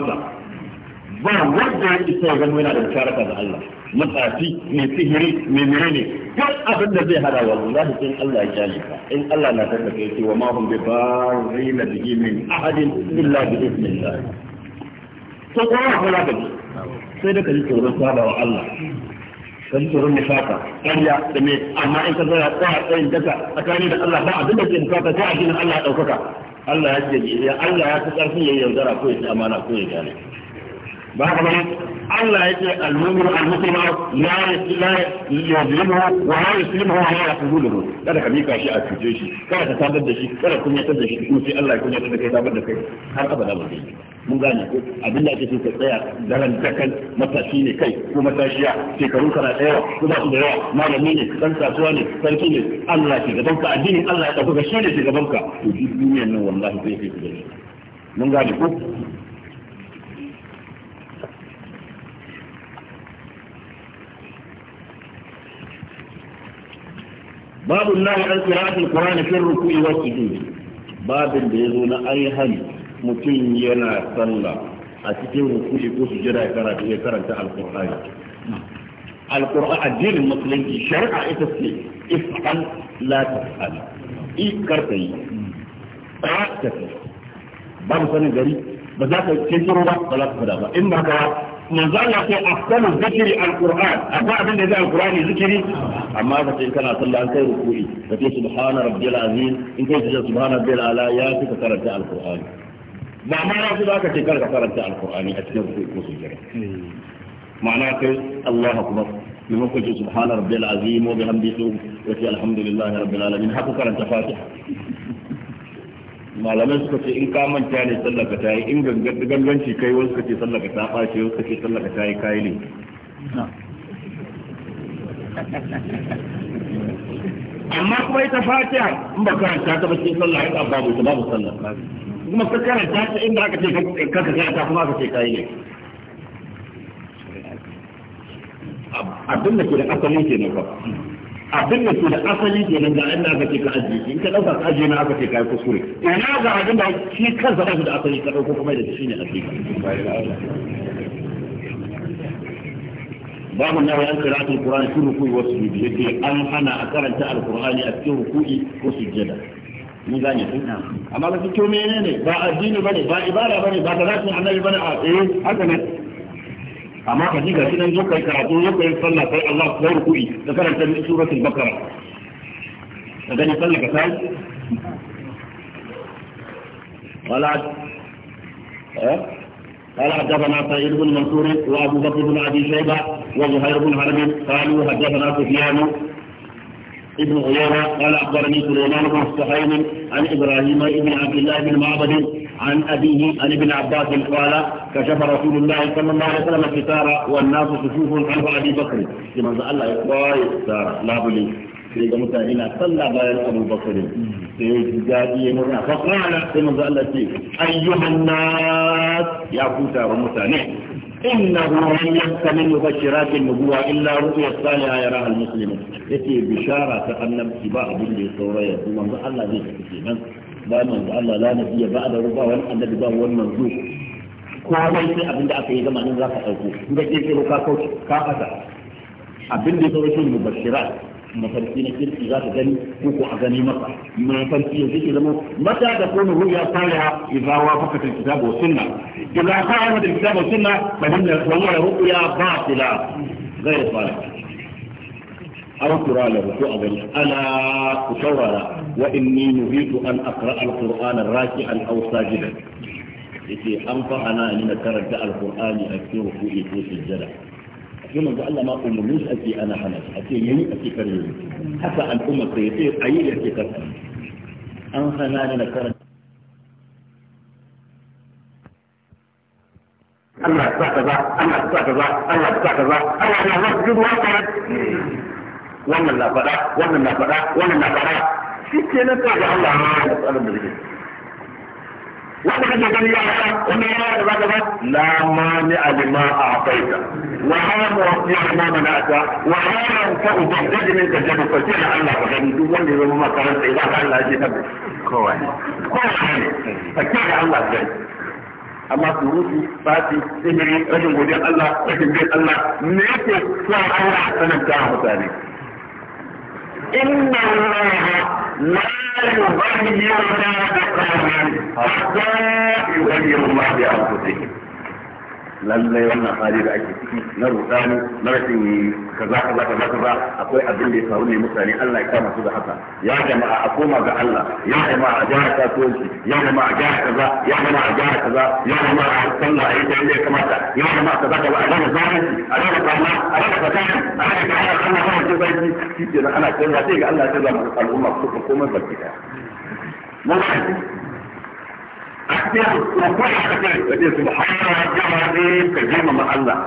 ba wanda ya isa ya gano yana da musharaka da Allah matsafi mai sihiri mai menene duk abin da zai hada wallahi in Allah ya kyale ka in Allah na tabbata kai wa ma hum bi barrina bihi min ahadin illa bi idnillah to ko ba za ka ji sai da kaji tsoron saba wa Allah kaji tsoron nifaka ƙarya da me amma in ka tsaya tsaya tsayin daka tsakani da Allah ba abin da ke bukata sai a gina Allah ya ɗaukaka Allah ya ce Allah ya fi ƙarfin ya yaudara ko ya ci amana ko ya gane ba ka bane Allah yake al-mu'minu al-muslima la yasla yuzlimu wa la yuslimu wa la kada ka mika shi a cuce shi kada ka tabar da shi kada kun yatar da shi Allah ya kun yatar da kai tabar da kai har abada ba zai mun gane ko abinda ake so ka tsaya daren dakan matashi ne kai ko matashiya shekaru kana tsaya ko ba su da yawa malami ne dan kasuwa ne sarki ne Allah ke gaban ka addinin Allah ya dauka shi ne ke gaban ka to nan wallahi zai fi da shi mun gane ko babu lahi an qira'atul qur'ani fi ruku'i wa sujud babin da yazo na ayhan mutum yana sallah a cikin ruku'i ko sujud ya karanta ya karanta alqur'ani alqur'an addinin musulunci shari'a ita ce if'al la taf'al i karta ba ta babu sanin gari ba za ka ba in manzo Allah ce afdalu zikri alquran akwai abin da zai alqurani zikiri amma ka kana sallah kai rukuri ka ce subhana rabbil azim in kai ce subhana rabbil ya fi ka karanta alqurani ba ma na su ka ce ka karanta alqurani a cikin rukuri ko sujjada ma'ana kai Allahu akbar liman kuntu subhana rabbil haka karanta fatiha malamai suka ce in ka manta ne sallaka ta yi in ganganci kai wasu suka ce sallaka ta ɓace wasu suka ce sallaka ta yi kayi ne amma kuma ita fatiha in ba karanta ta ba ce sallah ya babu ba babu sallah kuma ka karanta ta inda aka ce ka ta kuma aka ce kayi ne abin da ke da asalin ke na ba abin da ke da asali kenan ga inda aka ce ka ajiye shi in ka dauka ka ajiye na aka ce ka yi kuskure ina ga abin da shi kansa ba da asali ka dauko kuma da shi ne asali babu na wayan karatun qur'ani fi ruku'i wa sujudi yake an hana a karanta alqur'ani a cikin ruku'i ko sujjada mun gane ku amma ba su to menene ba addini bane ba ibada bane ba da rasul annabi bane a eh haka ne amma ka ji ga shi nan zo kai karatu zo kai sallah kai Allah kai ruku'i ka karanta suratul bakara ka gani sallah ka sai wala eh قال حدثنا سعيد بن منصور وابو بكر بن ابي شيبه وزهير بن حرب قالوا حدثنا سفيان ابن عيينة قال أخبرني سليمان بن سهيل عن إبراهيم بن عبد الله بن معبد عن أبيه عن ابن عباس قال كشف رسول الله صلى الله عليه وسلم الستارة والناس صفوف عنه أبي بكر لما قال الله يقوى الستارة لا بلي sai ga mutane na sallah bayan abu bakari sai فقال ji قال ya أيها الناس يا sai manzo إنه لم يبق من مبشرات النبوة إلا رؤية صالحة يراها المسلم إتي بشارة تقنم سباع بالله صورة يقول من الله ذي تكتبين لا من الله لا نبي بعد ربا ولا النبي بعد ولا مرجوك komai sai abin da aka yi zamanin za ka ɗauko in ka ke ka kauce ka fasa mafarki na kirki za ta gani ko ko a gani masa mafarki ya zai zama mata da kuma ruya fara idza wafaka ta kitabu sunna idza qama ta kitabu sunna fa hinna wa ruya batila غير صالحه أو ترى له تؤذن ألا أشور وإني نهيت أن أقرأ القرآن راكعا أو ساجدا يتي أنفع أنا أن أكرر القرآن أكثر في سجدة sai manzo Allah ma umurnin shi ake ana hana shi ake yayi ake kare haka al'umma sai sai ayi da ke kasa an hana ni na karanta Allah ya sa kaza Allah ya sa kaza Allah ya sa kaza Allah ya sa kaza wannan na faɗa wannan na faɗa wannan na faɗa shi ke nan ta ga Allah ya sa da zikiri wanda kake gani ya haka wanda ya haka zaka ba la mani alima a afaita wa haramu wa ya ma mana'ata wa haramu fa ubangiji min ka jabu fa kina Allah ka gani duk wanda ya zama makaranta idan ka Allah ya tabbata kowa ne kowa ne fa kina Allah ka gani amma surutu fati sihiri rashin godiyar Allah rashin bin Allah me yake sa Allah sananta mutane inna Allah لا يغير ما قوما حتى يغير الله بانفسهم lallai wannan hali da ake ciki na rudani na rashin kaza kaza kaza kaza akwai abin da ya faru ne mutane Allah ya kama su da haka ya jama'a a koma ga Allah ya jama'a a gyara kasuwanci ya jama'a a gyara kaza ya jama'a a gyara kaza ya jama'a a sallah a yi ta ya kamata ya jama'a kaza kaza a gyara zalunci a gyara kama a gyara fasari a gyara kaza a gyara kaza ce sarki shi ke ana canza sai ga Allah ya canza al'umma su kuma komai barkita. Mun سبحان ربي العظيم كجمع مع الله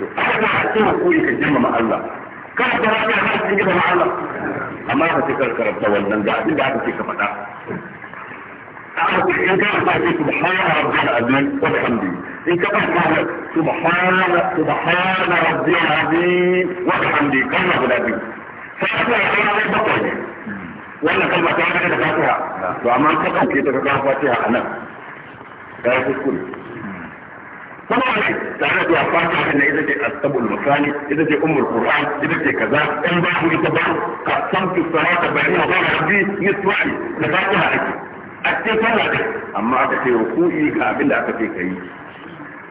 أكثر أكثر أقول كجمع مع الله ترى في أحد كجمع مع الله أما فتكر كرب دولنا قاعد قاعد في كفتا أعرف إن كان سبحان ربي العظيم وبحمده إن كان فاتي سبحان ربي العظيم wannan kalma ta haka da fatiha to amma ka kace ta ka fatiha anan kai kuskure kuma ne tare da fatiha ne ita ce asbabul makani ita ce ummul qur'an ita ce kaza in ba ku ita ba ka san ki salata bayna wa rabbi niswa'i da fatiha ake a cikin sallah din amma aka ce ruku'i ga abin da aka ce kai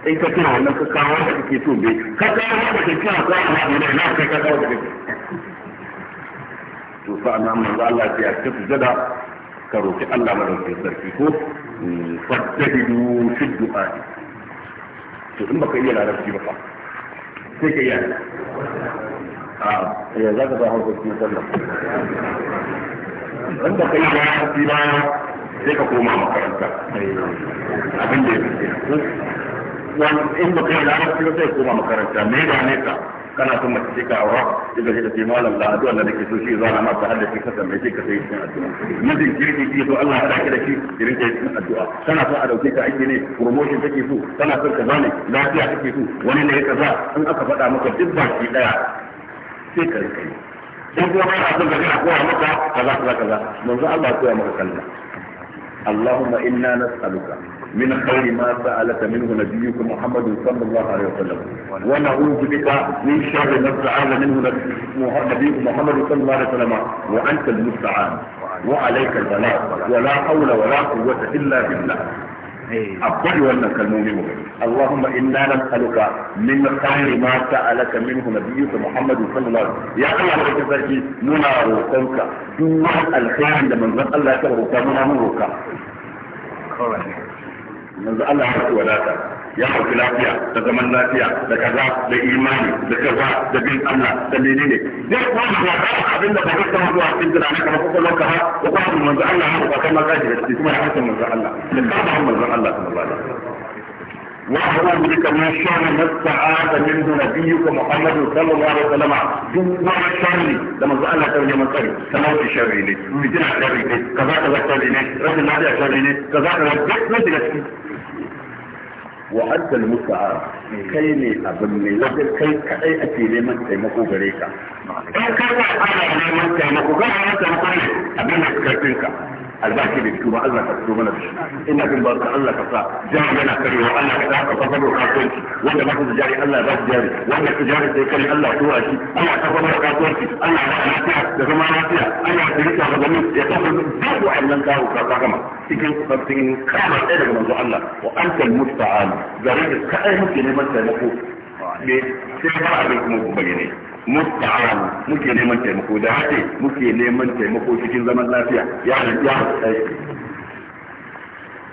in ka tuna wannan ka kawo da kake so bai ka kawo da kake so ka kawo da kake to sa'annan manzo Allah ya ce sujada ka roki Allah madaukakin sarki ko mm, fadahidu fi du'a to in baka iya larabci ba fa sai ka iya a ya za ka ba hausa cikin sallah in baka iya larabci ba sai ka koma makaranta abin da ya fi in baka iya larabci ba sai koma makaranta me ba da nesa kana son mace ce ka aura daga shi da ce malam da addu'a da ke so shi za a masa hadda shi kasan mai ce ka sai cikin addu'a mijin kirki shi to Allah ya dake da shi irin kai cikin addu'a kana son a dauke ka aiki ne promotion take so kana son ka zane lafiya take so wani ne ya kaza in aka faɗa maka duk ba shi daya sai ka rike in kuma kana son ka ko a maka kaza kaza kaza manzo Allah ya koya maka kalla اللهم إنا نسألك من خير ما سألك منه نبيك محمد صلى الله عليه وسلم ونعوذ بك من شر ما استعان منه نبيك محمد صلى الله عليه وسلم وأنت المستعان وعليك البلاء ولا حول ولا قوة إلا بالله أقول وأنك المؤمن اللهم إنا نسألك من خير ما سألك منه نبيك محمد صلى الله عليه وسلم يا أيها لك منا روحك دون الخير لمن الله تبارك منا روكا yanzu Allah ya wadata ya hauki lafiya da zaman lafiya da kaza da imani da kaza da bin Allah da menene ne wannan ba ka abin da ba ka san zuwa cikin tunanin ka ko kallon ka ba ko kuma manzo Allah ya ba ka maka da shi kuma ya hauki manzo Allah da ka ba manzo Allah sallallahu alaihi wasallam واعوذ بك من شر ما استعاذ منه نبيك محمد صلى الله عليه وسلم دون ما شر لما سأل الله تعالى من شر سموت شر لي بدنا شر لي كذا كذا شر لي رد ما ده شر لي كذا كذا ما ده وأنت المستعان كي ني أبن ني كي كأي أتي لمن مكو غريكا إن كذا أنا لمن مكو غريكا أبن نسكتنكا albashi da fito ba Allah ka fito mana da shi ina bin ba ka Allah ka sa jari yana karewa Allah ka sa ka fa saboda kasuwanci wanda ba da jari Allah ba shi jari wanda ka jari sai kare Allah ya tura shi Allah ka saboda kasuwanci Allah ya lafiya da zama lafiya Allah ya rika ga gani ya kafa duk wa'annan dawo ka ka gama cikin cikin kama ɗaya daga manzo Allah wa antal musta'an gare ka kai muke neman taimako me sai ba abin kuma ku bayyane musta'an muke neman taimako da hace muke neman taimako cikin zaman lafiya ya ya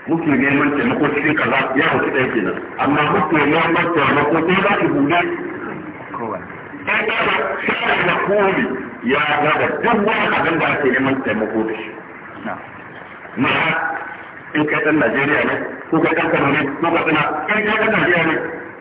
muke neman taimako cikin kaza ya hutu ɗaya kenan amma muke neman taimako sai za ki hude sai ba da shara da komi ya gaba duk wani abin da ake neman taimako da shi ma'ana in kai ɗan Najeriya ne ko kai ɗan Kano ne ko kai kai ɗan Najeriya ne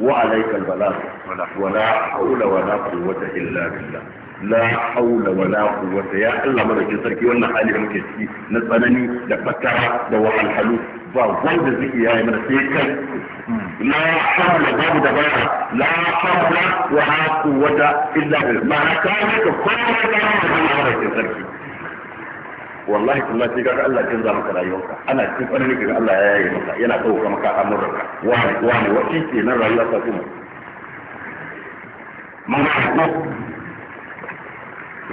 وعليك البلاغ ولا حول ولا قوة إلا بالله لا حول ولا قوة يا الله مرة كسرك وانا حالي عمك يسكي نسألني لفكا دوح الحلو فاظل بذيك يا من سيكا لا حول باب دبارة لا حول ولا قوة إلا بالله ما كانت كل مدى كسرك wallahi kullum sai kaga Allah canza maka rayuwarka ana cikin tsanani kaga Allah ya yaye maka yana dauka maka amurka wani wani wani nan rayuwa ta kuma man ko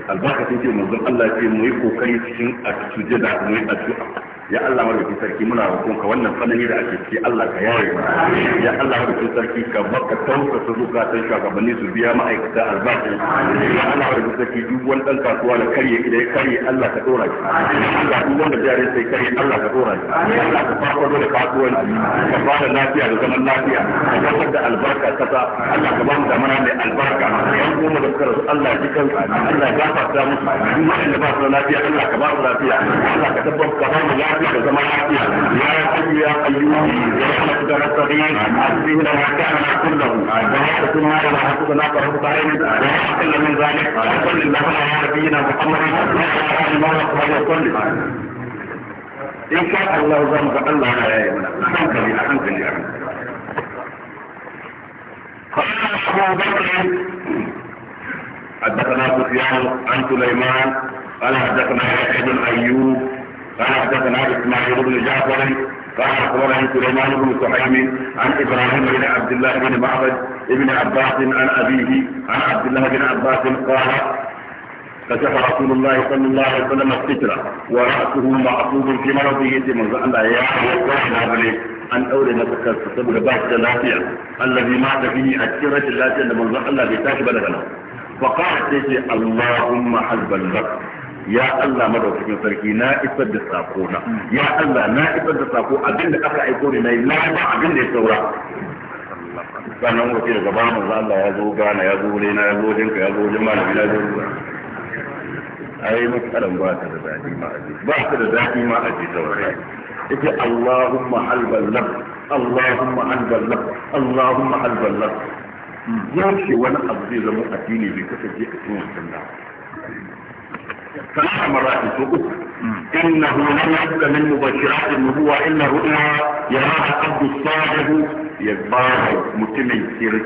albarka sun ce manzon Allah ce mu yi kokari cikin a jada mu yi a cikin ya Allah madaukakin sarki muna roƙon ka wannan tsanani da ake ciki Allah ka yaye mu ya Allah madaukakin sarki ka baka tausasa zukatan shugabanni su biya ma'aikata albashin ya Allah madaukakin sarki duk wani dan kasuwa na karye idan karye Allah ka dora shi ya duk wanda jare sai karye Allah ka dora shi Allah ka farko da kasuwanci ka fara lafiya da zaman lafiya ka tabbatar da albarka kasa Allah ka ba mu zamana mai albarka yan kuma da suka rasu Allah ji kanka Allah ya gafarta musu duk wanda ba su lafiya Allah ka ba su lafiya Allah ka tabbatar ka ba mu lafiya بك زمان يا رب يا قيوم برحمتك نستغيث أسبه لما كان كله وحقك ما لا حقك لا ترفض عينك وحقك من ذلك وصل اللهم على نبينا محمد وعلى آله وصحبه وسلم إن شاء الله زمك الله لا يهمنا الحمد لله الحمد لله قال أبو بكر حدثنا سفيان عن سليمان قال حدثنا يحيى بن ايوب قال حدثنا اسماعيل بن جعفر قال اخبرني سليمان بن سحيم عن ابراهيم بن عبد الله بن معبد بن عباس عن ابيه عن عبد الله بن عباس قال فكف رسول الله صلى الله عليه وسلم السترة ورأسه معصوب في مرضه في زعل يا وقعنا بلي أن اولد تسبب بعد باكة الذي مات فيه أكثرة اللاتية لمن زعل بتاش فقال سيدي اللهم حزب البر ya Allah madaukakin sarki na isar da sako na ya Allah na isar da sako abinda aka aiko ne na yi na ba abinda ya saura sannan wace daga ba manzo Allah ya zo gana ya zo ne na ya zo jinka ya zo jin malami na zo ai matsalan ba ta da dadi ma aji ba ta da dadi ma aji saurayi yake Allahumma halbal lak Allahumma halbal lak Allahumma halbal lak yaushe wani abu zai zama addini bai kasance a cikin wannan ثلاث مرات سوء إنه لم يبق من مبشرات النبوة إلا رؤيا يراها عبد الصالح يزبار متمن سيرك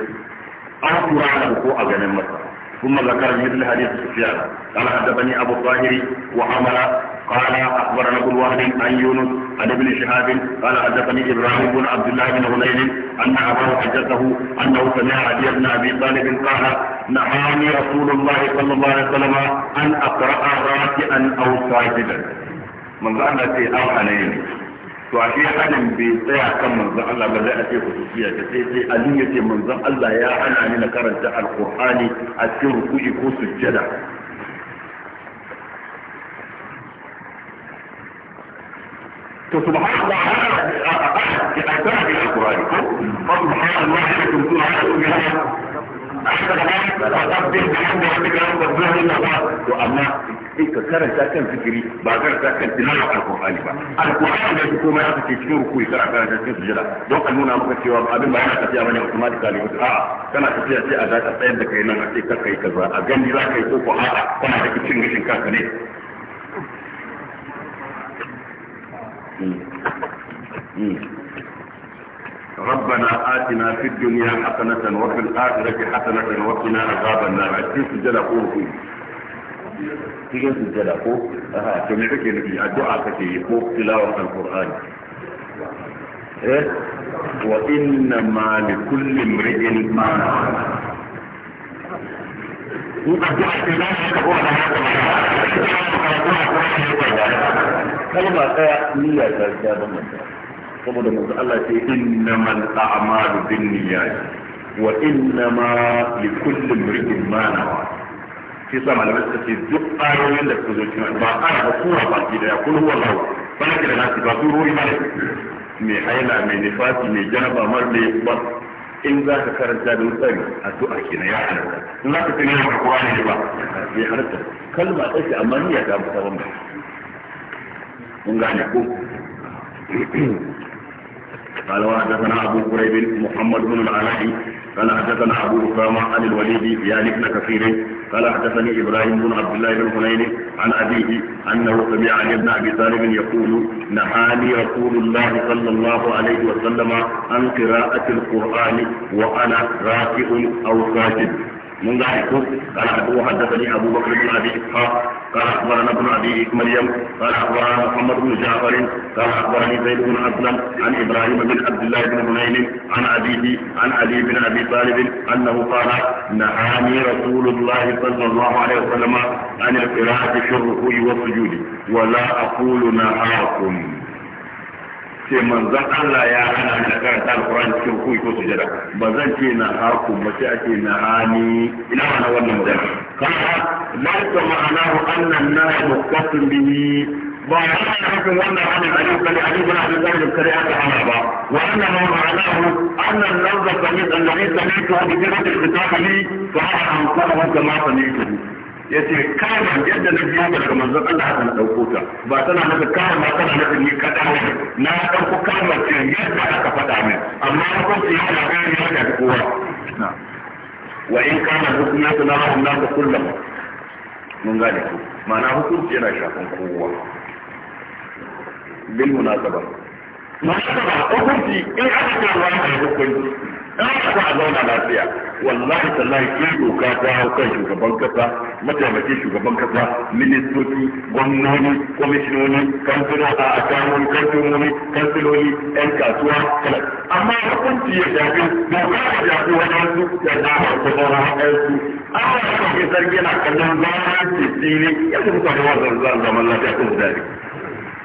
أو ترى له أغنى مصر ثم ذكر مثل حديث سفيان قال حدثني ابو الطاهر وعمر قال اخبرنا ابو وهب عن يونس عن ابن شهاب قال حدثني ابراهيم بن عبد الله بن هليل ان اباه حدثه انه سمع علي بن ابي طالب قال نهاني رسول الله صلى الله عليه وسلم ان اقرا راكئا او ساجدا من قال لك اوحى to a shi hanin bai tsaya kan manzon Allah ba zai a ce kusufiya ta sai sai Ali ya ce manzon Allah ya hana ni na karanta alkur'ani a cikin ruku'i ko sujjada to subhanallah haka a tsara da alkur'ani ko subhanallah haka kun tura haka to amma ka karanta kan ba karanta kan tilawa alkur'ani ba alkur'ani da kuma ya ka karanta cikin sujada don a nuna maka cewa abin ba yana tafiya bane automatically a'a kana tafiya sai a zaka tsayar da kai nan a ka gani za ka yi ko kana da Mm. hmm, hmm. ربنا آتنا في الدنيا حسنة وفي الآخرة حسنة وقنا عذاب النار كيف جلقوا فيه كيف جلقوا اها تمسك ان الدعاء كثير فوق تلاوة القرآن إيه؟ وإنما لكل امرئ ما وقد جاءت الناس يقول هذا الشيء كلمة نية تزداد من ذلك saboda manzo Allah ce innamal a'malu binniyat wa innama likulli imrin ma nawa shi sa malamai suka ce duk ayoyin da suka zo cikin ba ana da kowa ba ki da ya kullu wallahu Ba ki da nasi ba surori ba ne mai haila mai nifasi mai janaba mar mai ba in za ka karanta da tsari, a du'a kenan ya halatta in za ka tsira da kowa ne ba ya halatta kalma ɗaya amma niyya ta musamman mun gane ko قال وحدثنا أبو قريب محمد بن العلاء قال حدثنا أبو أسامة عن الوليد يعني ابن كثير قال حدثني إبراهيم بن عبد الله بن حنين عن أبيه أنه سمع عن ابن أبي طالب يقول نهاني رسول الله صلى الله عليه وسلم عن قراءة القرآن وأنا راكع أو ساجد من ذلك قال أبو حدثني أبو بكر بن أبي إسحاق قال أخبرنا ابن أبي مريم قال أخبرنا محمد بن جعفر قال أخبرني زيد بن أسلم عن إبراهيم بن عبد الله بن هنين عن أبيه عن علي بن أبي طالب أنه قال نهاني رسول الله صلى الله عليه وسلم عن القراءة في الركوع والسجود ولا أقول نهاكم ce manzon Allah ya hana ni karanta alquran cikin kuyi ko sujada ba zan ce na haku ba sai ake na hani ina wannan wannan da ka la ta ma'ana annan na muqtasim bihi ba yana nufin wannan hannun aliyu kare aliyu bin abin zalim kare aka hana ba wa anna ma ma'anahu anna an-nazza sami'a alladhi sami'tu bi qira'ati al-kitab li fa an kana kama sami'tu yace kama yadda na biya ba daga manzon Allah haka na dauko ta ba tana naka kama tana naka ni ka dawo na dauko kama ce yadda aka faɗa min amma ko ce ya da gani ya ta kowa wa in kana ta na rahum ta kullum mun gane ku ma'ana hukunci yana shafan kowa bil munasaba munasaba hukunci in aka ce wa ya hukunci za a zauna lafiya wallahi tallahi ke doka ta hau kan shugaban kasa mataimakin shugaban kasa ministoci gwamnoni kwamishinoni kamfuna a kamun kamfanoni kamfanoni yan kasuwa kala amma hukunci ya shafi doka ya shafi wani su ya dama ta zaura yan su amma ya kwanke sarki yana kallon zama ce fili ya kuma kwanke wasan lafiya ko daɗi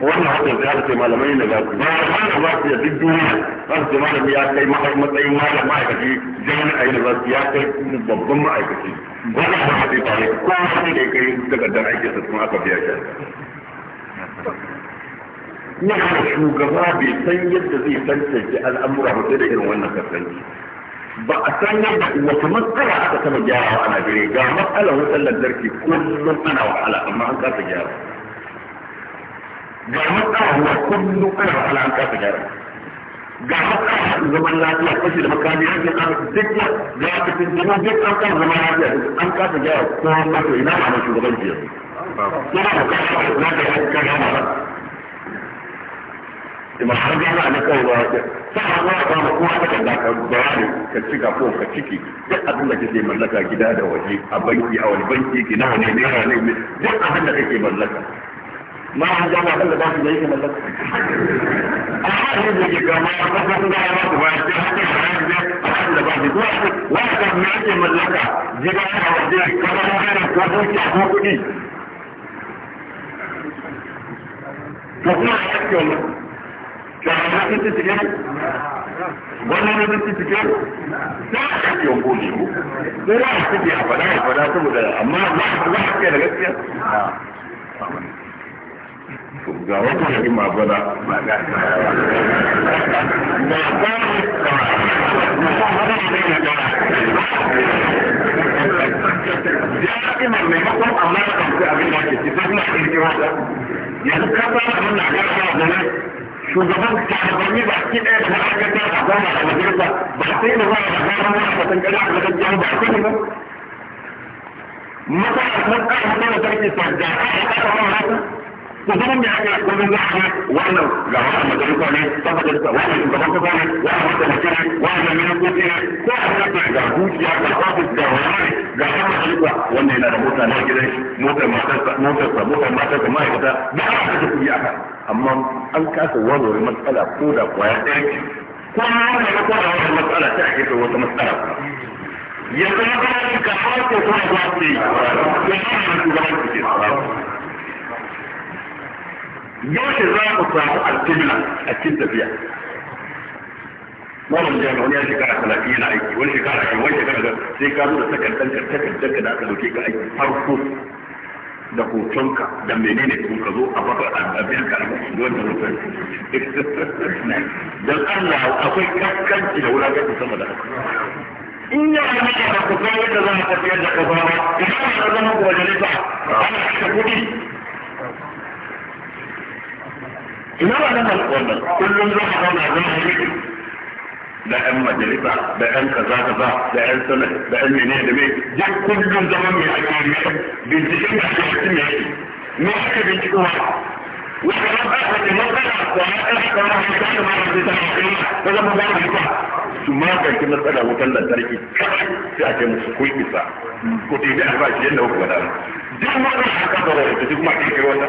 وانا عطل كارتي مالا مين لك ما عطل كارتي يدي الدنيا قصد مالا مياك اي مالا مالا مالا مالا جانا اي نفس ياك اي ببضم اي كتي وانا عطل كارتي كل شيء لك اي تقدر اي جسد ما اقب يا جانا نحن شو قرابي سيد ذي سنسج الامر مدره وانا كفنجي ba a san yadda kuma ta matsala aka sama gyara a Najeriya ga matsalar wutar lantarki kullum ana wahala amma an kasa gyara. ga matsala ruwa kullum ana matsala an kasa gyara ga matsala zaman lafiya kashi da makami an ce an duk ya ga aka cin jama duk an kasa zaman lafiya an kasa gyara ko an kasa ina ma mai shugaban jiya yana da kasa na da ya kaga ma ba ima har gana na kan ta ce sa'a ma ba ma kowa ta kan daka bayani ka cika ko ka ciki duk abin da kake mallaka gida da waje a banki a wani banki ki nawa ne naira ne duk abin da kake mallaka ما حد يعمل كل ده في بيته مثلا احد يجي الجماعه مثلا ده يقعد ويحكي حتى الحاجات دي احد اللي بعد واحد واحد من اي مملكه دي بقى انا وديك كده انا عارف وابوك يحبوك دي فاحنا حكي ولا كان انا كنت تجيب ولا انا كنت تجيب ساعه حكي وقولي ده راح تجي على فلاح فلاح تقول اما واحد واحد كده جت ga wata hikima bana ba da ba maimakon ba da kamfi ba da ba ci ba kuma ba da yanzu ba fara ba da aka ba da nan shugaban shugabanni ba ki ɗaya da ma'aikata a zama a majalisa ba sai da zama da zama wani kwatan kada a gaban jami'a ba sai ba masana sun ƙarfafa da sarki da a ƙasa ba ku zama mai aka yi kuma za a wannan ga wata majalisa ne ta majalisa wani shugaban kasa ne wani wata mace ne wani da ministoci ne ko a kasa ga dukiya ga ofis ga wani ga wata majalisa wannan yana da mota na gidan shi motar matarsa motarsa motar matarsa ma'aikata ba a kasa kuɗi aka amma an kasa warware matsala ko da kwaya ɗaya ce ko na wani na kwaya wata matsala ta ake wata matsala ya zama ganin ka hawa ko kuma ba su yi ya zama shugaban su ke yaushe za mu samu alƙibla a cikin tafiya malam jami'a wani ya shekara talatin yana aiki wani shekara shi wani shekara ga sai ka zo da takardar ka takardar ka da aka dauke ka aiki farko da hotonka da menene kun ka zo a baka abin ka wanda hoton dan Allah akwai kaskanci da ku sama da in yawa maka da kusa yadda za a tafiyar da kafa ba ina ne zama kuwa nisa ana kashe kuɗi ina ba nan wannan kullum za a zauna zahiri da yan majalisa da yan kaza kaza da yan sana da yan mene da mai duk kullum zaman mai ake mai binciken da ake mutum ya yi me ake bincikowa wata ran ba ta neman kana kwana kana kwana kana kana ma ta ta kai ta zama ba ta ba su magance matsala wutar lantarki kawai sai a ce musu kun isa ko dai albashi yadda kuka da duk matsala ka ba da duk ma kai wata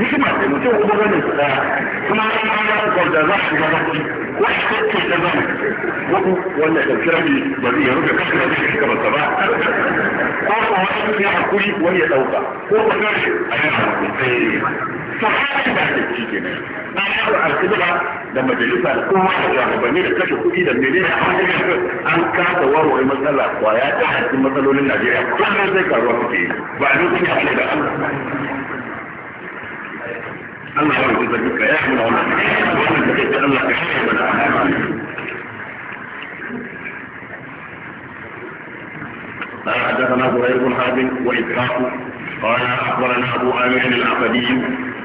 hikima ce mutum ko gane su daya kuma an fara ko da za su gaba ko shi ko da za mu wanda da kirami ba zai ya rubuta kashi da shi gaba ba ko ko wani ya hakuri wani ya dauka ko ko kashi a yana hakuri sahabi da ake ci kenan na yaro alkibla da majalisa da kowa da shugabanni da kashe kuɗi da menene a wajen an kasa warware matsala kwaya ta hakin matsalolin Najeriya kullum zai karuwa suke ba a nufin ya da Allah الله يجزيك يا احمد الله يجزيك الله قال حدثنا زهير بن حرب وإسحاق قال أخبرنا أبو آمر العقدي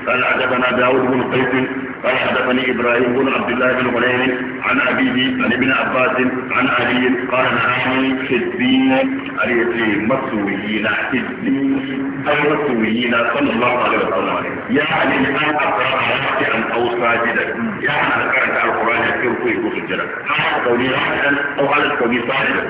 قال حدثنا داود بن قيس قال حدثني إبراهيم بن عبد الله بن غنيم عن أبيه عن ابن عباس عن علي قال نعاني حزبين علي مسويين حزبين أي مسويين صلى الله عليه وسلم يعني أن أقرأ رأسي أن أو ساجدا يعني أن أقرأ القرآن يكفي يقول سجدا هذا قولي رأسا أو هل قولي ساجدا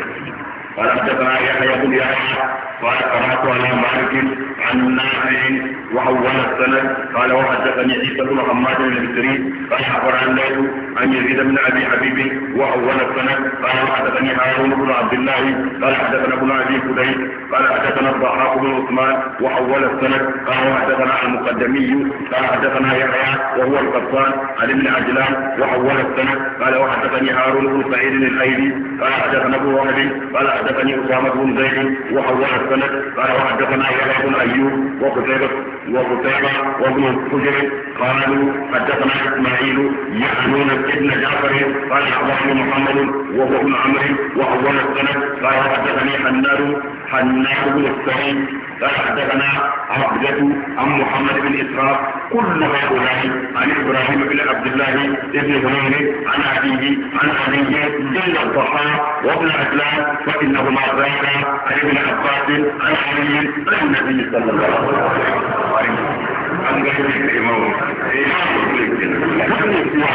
قال حدثنا يحيى بن يحيى قال قرات على مالك عن نافع واول السند قال وحدثني عيسى بن حماد بن المصري قال الليل عن يزيد بن ابي حبيب واول السنه قال وحدثني هارون بن عبد الله قال حدثنا ابن ابي كليب قال حدثنا الضحاك بن عثمان وحول السنه قال وحدثنا المقدمي قال حدثنا يحيى وهو القطان عن ابن عجلان وحول السنه قال وحدثني هارون بن سعيد الايدي قال حدثنا ابو وهب قال حدثني اسامه بن زيد وحول السنه قال وحدثنا يحيى بن ايوب وقتيبه وقتيبه وابن حجر قالوا حدثنا اسماعيل يعنون ابن جعفر قال أخبرني محمد وهو ابن عمرو وأول السند قال حدثني حنان حنان بن السعيد قال حدثنا عبدة عن محمد بن إسحاق كل هؤلاء عن إبراهيم بن عبد الله بن هريرة عن أبيه عن أبيه بن الضحى وابن عدلان فإنهما ذاك عن ابن عباس عن علي عن النبي صلى الله عليه وسلم an gani shi da imamu sai ya shi da kenan kan ne kuwa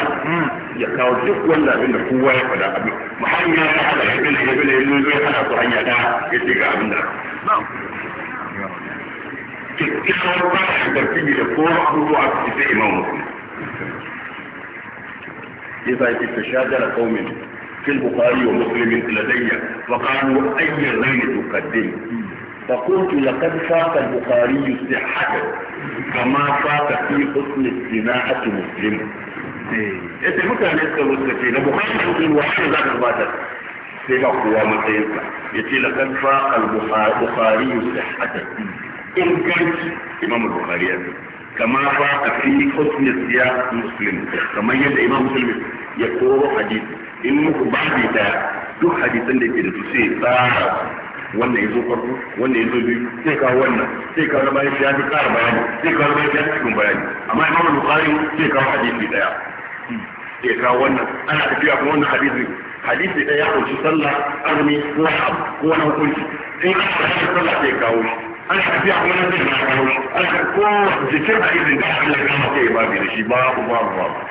ya kawo duk wannan abin da kowa ya faɗa abin muhammad ya ta hada ya bin ya bin ya zo ya hada ku hanya da ya ce ga abin da kyakkyawar ba shi da fiye da kowa abubuwa a cikin sai imamu إذا تتشاجر قوم في البخاري ومسلم لدي وقالوا أي الغين تقدم فقلت لقد فات البخاري صحته كما فات في حسن الصناعة مسلم انت إيه، إيه، قلت انا اسكت إيه، لك البخاري مسلم وحاجه ذات الباتر سيبا قوة ما تنسى يتي لقد فاق البخاري صحته ان كانت امام البخاري كما فاق في حسن السياق مسلم كما يد امام مسلم يقول حديث انه بعد ذلك دو حديثا لكي تسيطا wannan yazo farko wannan yazo biyu sai ka wannan sai ka zama ya fi ƙara bayani sai ka zama ya fi cikin bayani amma imam al-bukhari sai ka hadisi daya sai ka wannan ana tafiya kuma wannan hadisi hadisi daya ko shi sallah azumi ko abu ko wani hukunci in ka fara sallah sai kawo shi ana tafiya kuma nan sai na kawo shi ana ko jikin hadisin da Allah ya kama sai ya babu da shi babu babu babu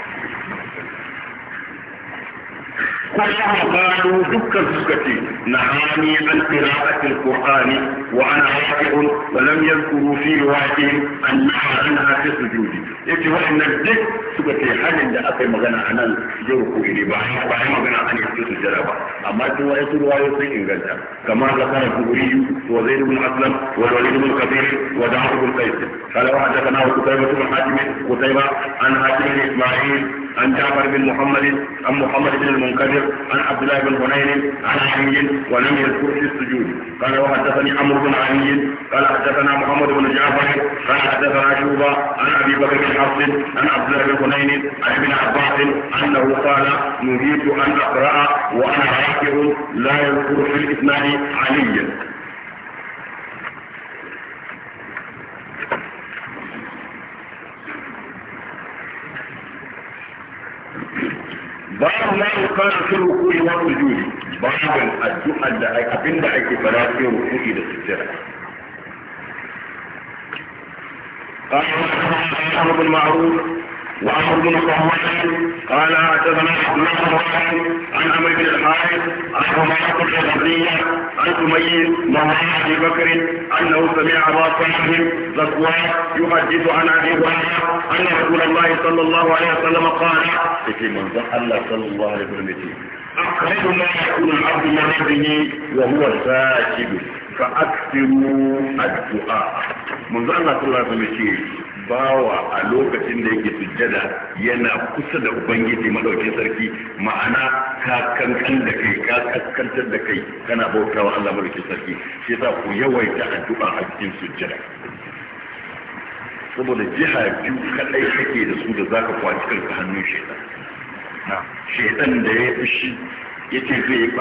فلها قالوا دكا دكتي نهاني عن قراءة القرآن وأنا واقع ولم يذكروا في روايتهم أنها عنها في السجود يجي وإن الدك سكتي هل إن أكي مغنى أنا يركو إلي باهي باهي مغنى أن يسجد الجرابة أما توا يسجد ويسجد إن قلت كما ذكر الجبري وزيد بن أسلم والوليد بن كثير ودعوة بن قيس قال وحدثنا وكتيبة بن حاتم وكتيبة عن حاتم بن إسماعيل عن جعفر بن محمد عن محمد بن المنكدر جابر عن عبد الله بن هنين عن علي ولم يذكر في السجود قال وحدثني عمرو بن علي قال حدثنا محمد بن جعفر قال حدثنا شوبه عن ابي بكر بن حفص عن عبد الله بن هنين عن ابن عباس انه قال نهيت ان اقرا وانا راكع لا يذكر في الاسلام عليا babu ma yi fara su rukuri wa su juri babu addu'ar da abin da ake fara su rukuri da sujjada قال رحمه الله بن معروف وعمر بن قهوه قال اعتذر عبد الله عن عمرو بن الحارث عن بن الغزية عن سمير مولى ابي بكر انه سمع ابا صالح ذكوان يحدث عن ابي هريره ان رسول الله صلى الله عليه وسلم قال في منزل الله صلى الله عليه وسلم أقرب ما يكون العبد من ربه وهو ساجد فأكثروا الدعاء منذ الله صلى الله عليه وسلم bawa a lokacin da yake sujjada yana kusa da ubangiji madaukin sarki ma'ana ka kankan da kai ka kaskantar da kai kana bautawa Allah madaukin sarki shi yasa ku yawaita addu'a a cikin sujjada saboda jiha biyu kadai kake da su da zaka kwaci kanka hannun shaitan shaitan da ya fushi yace zai yi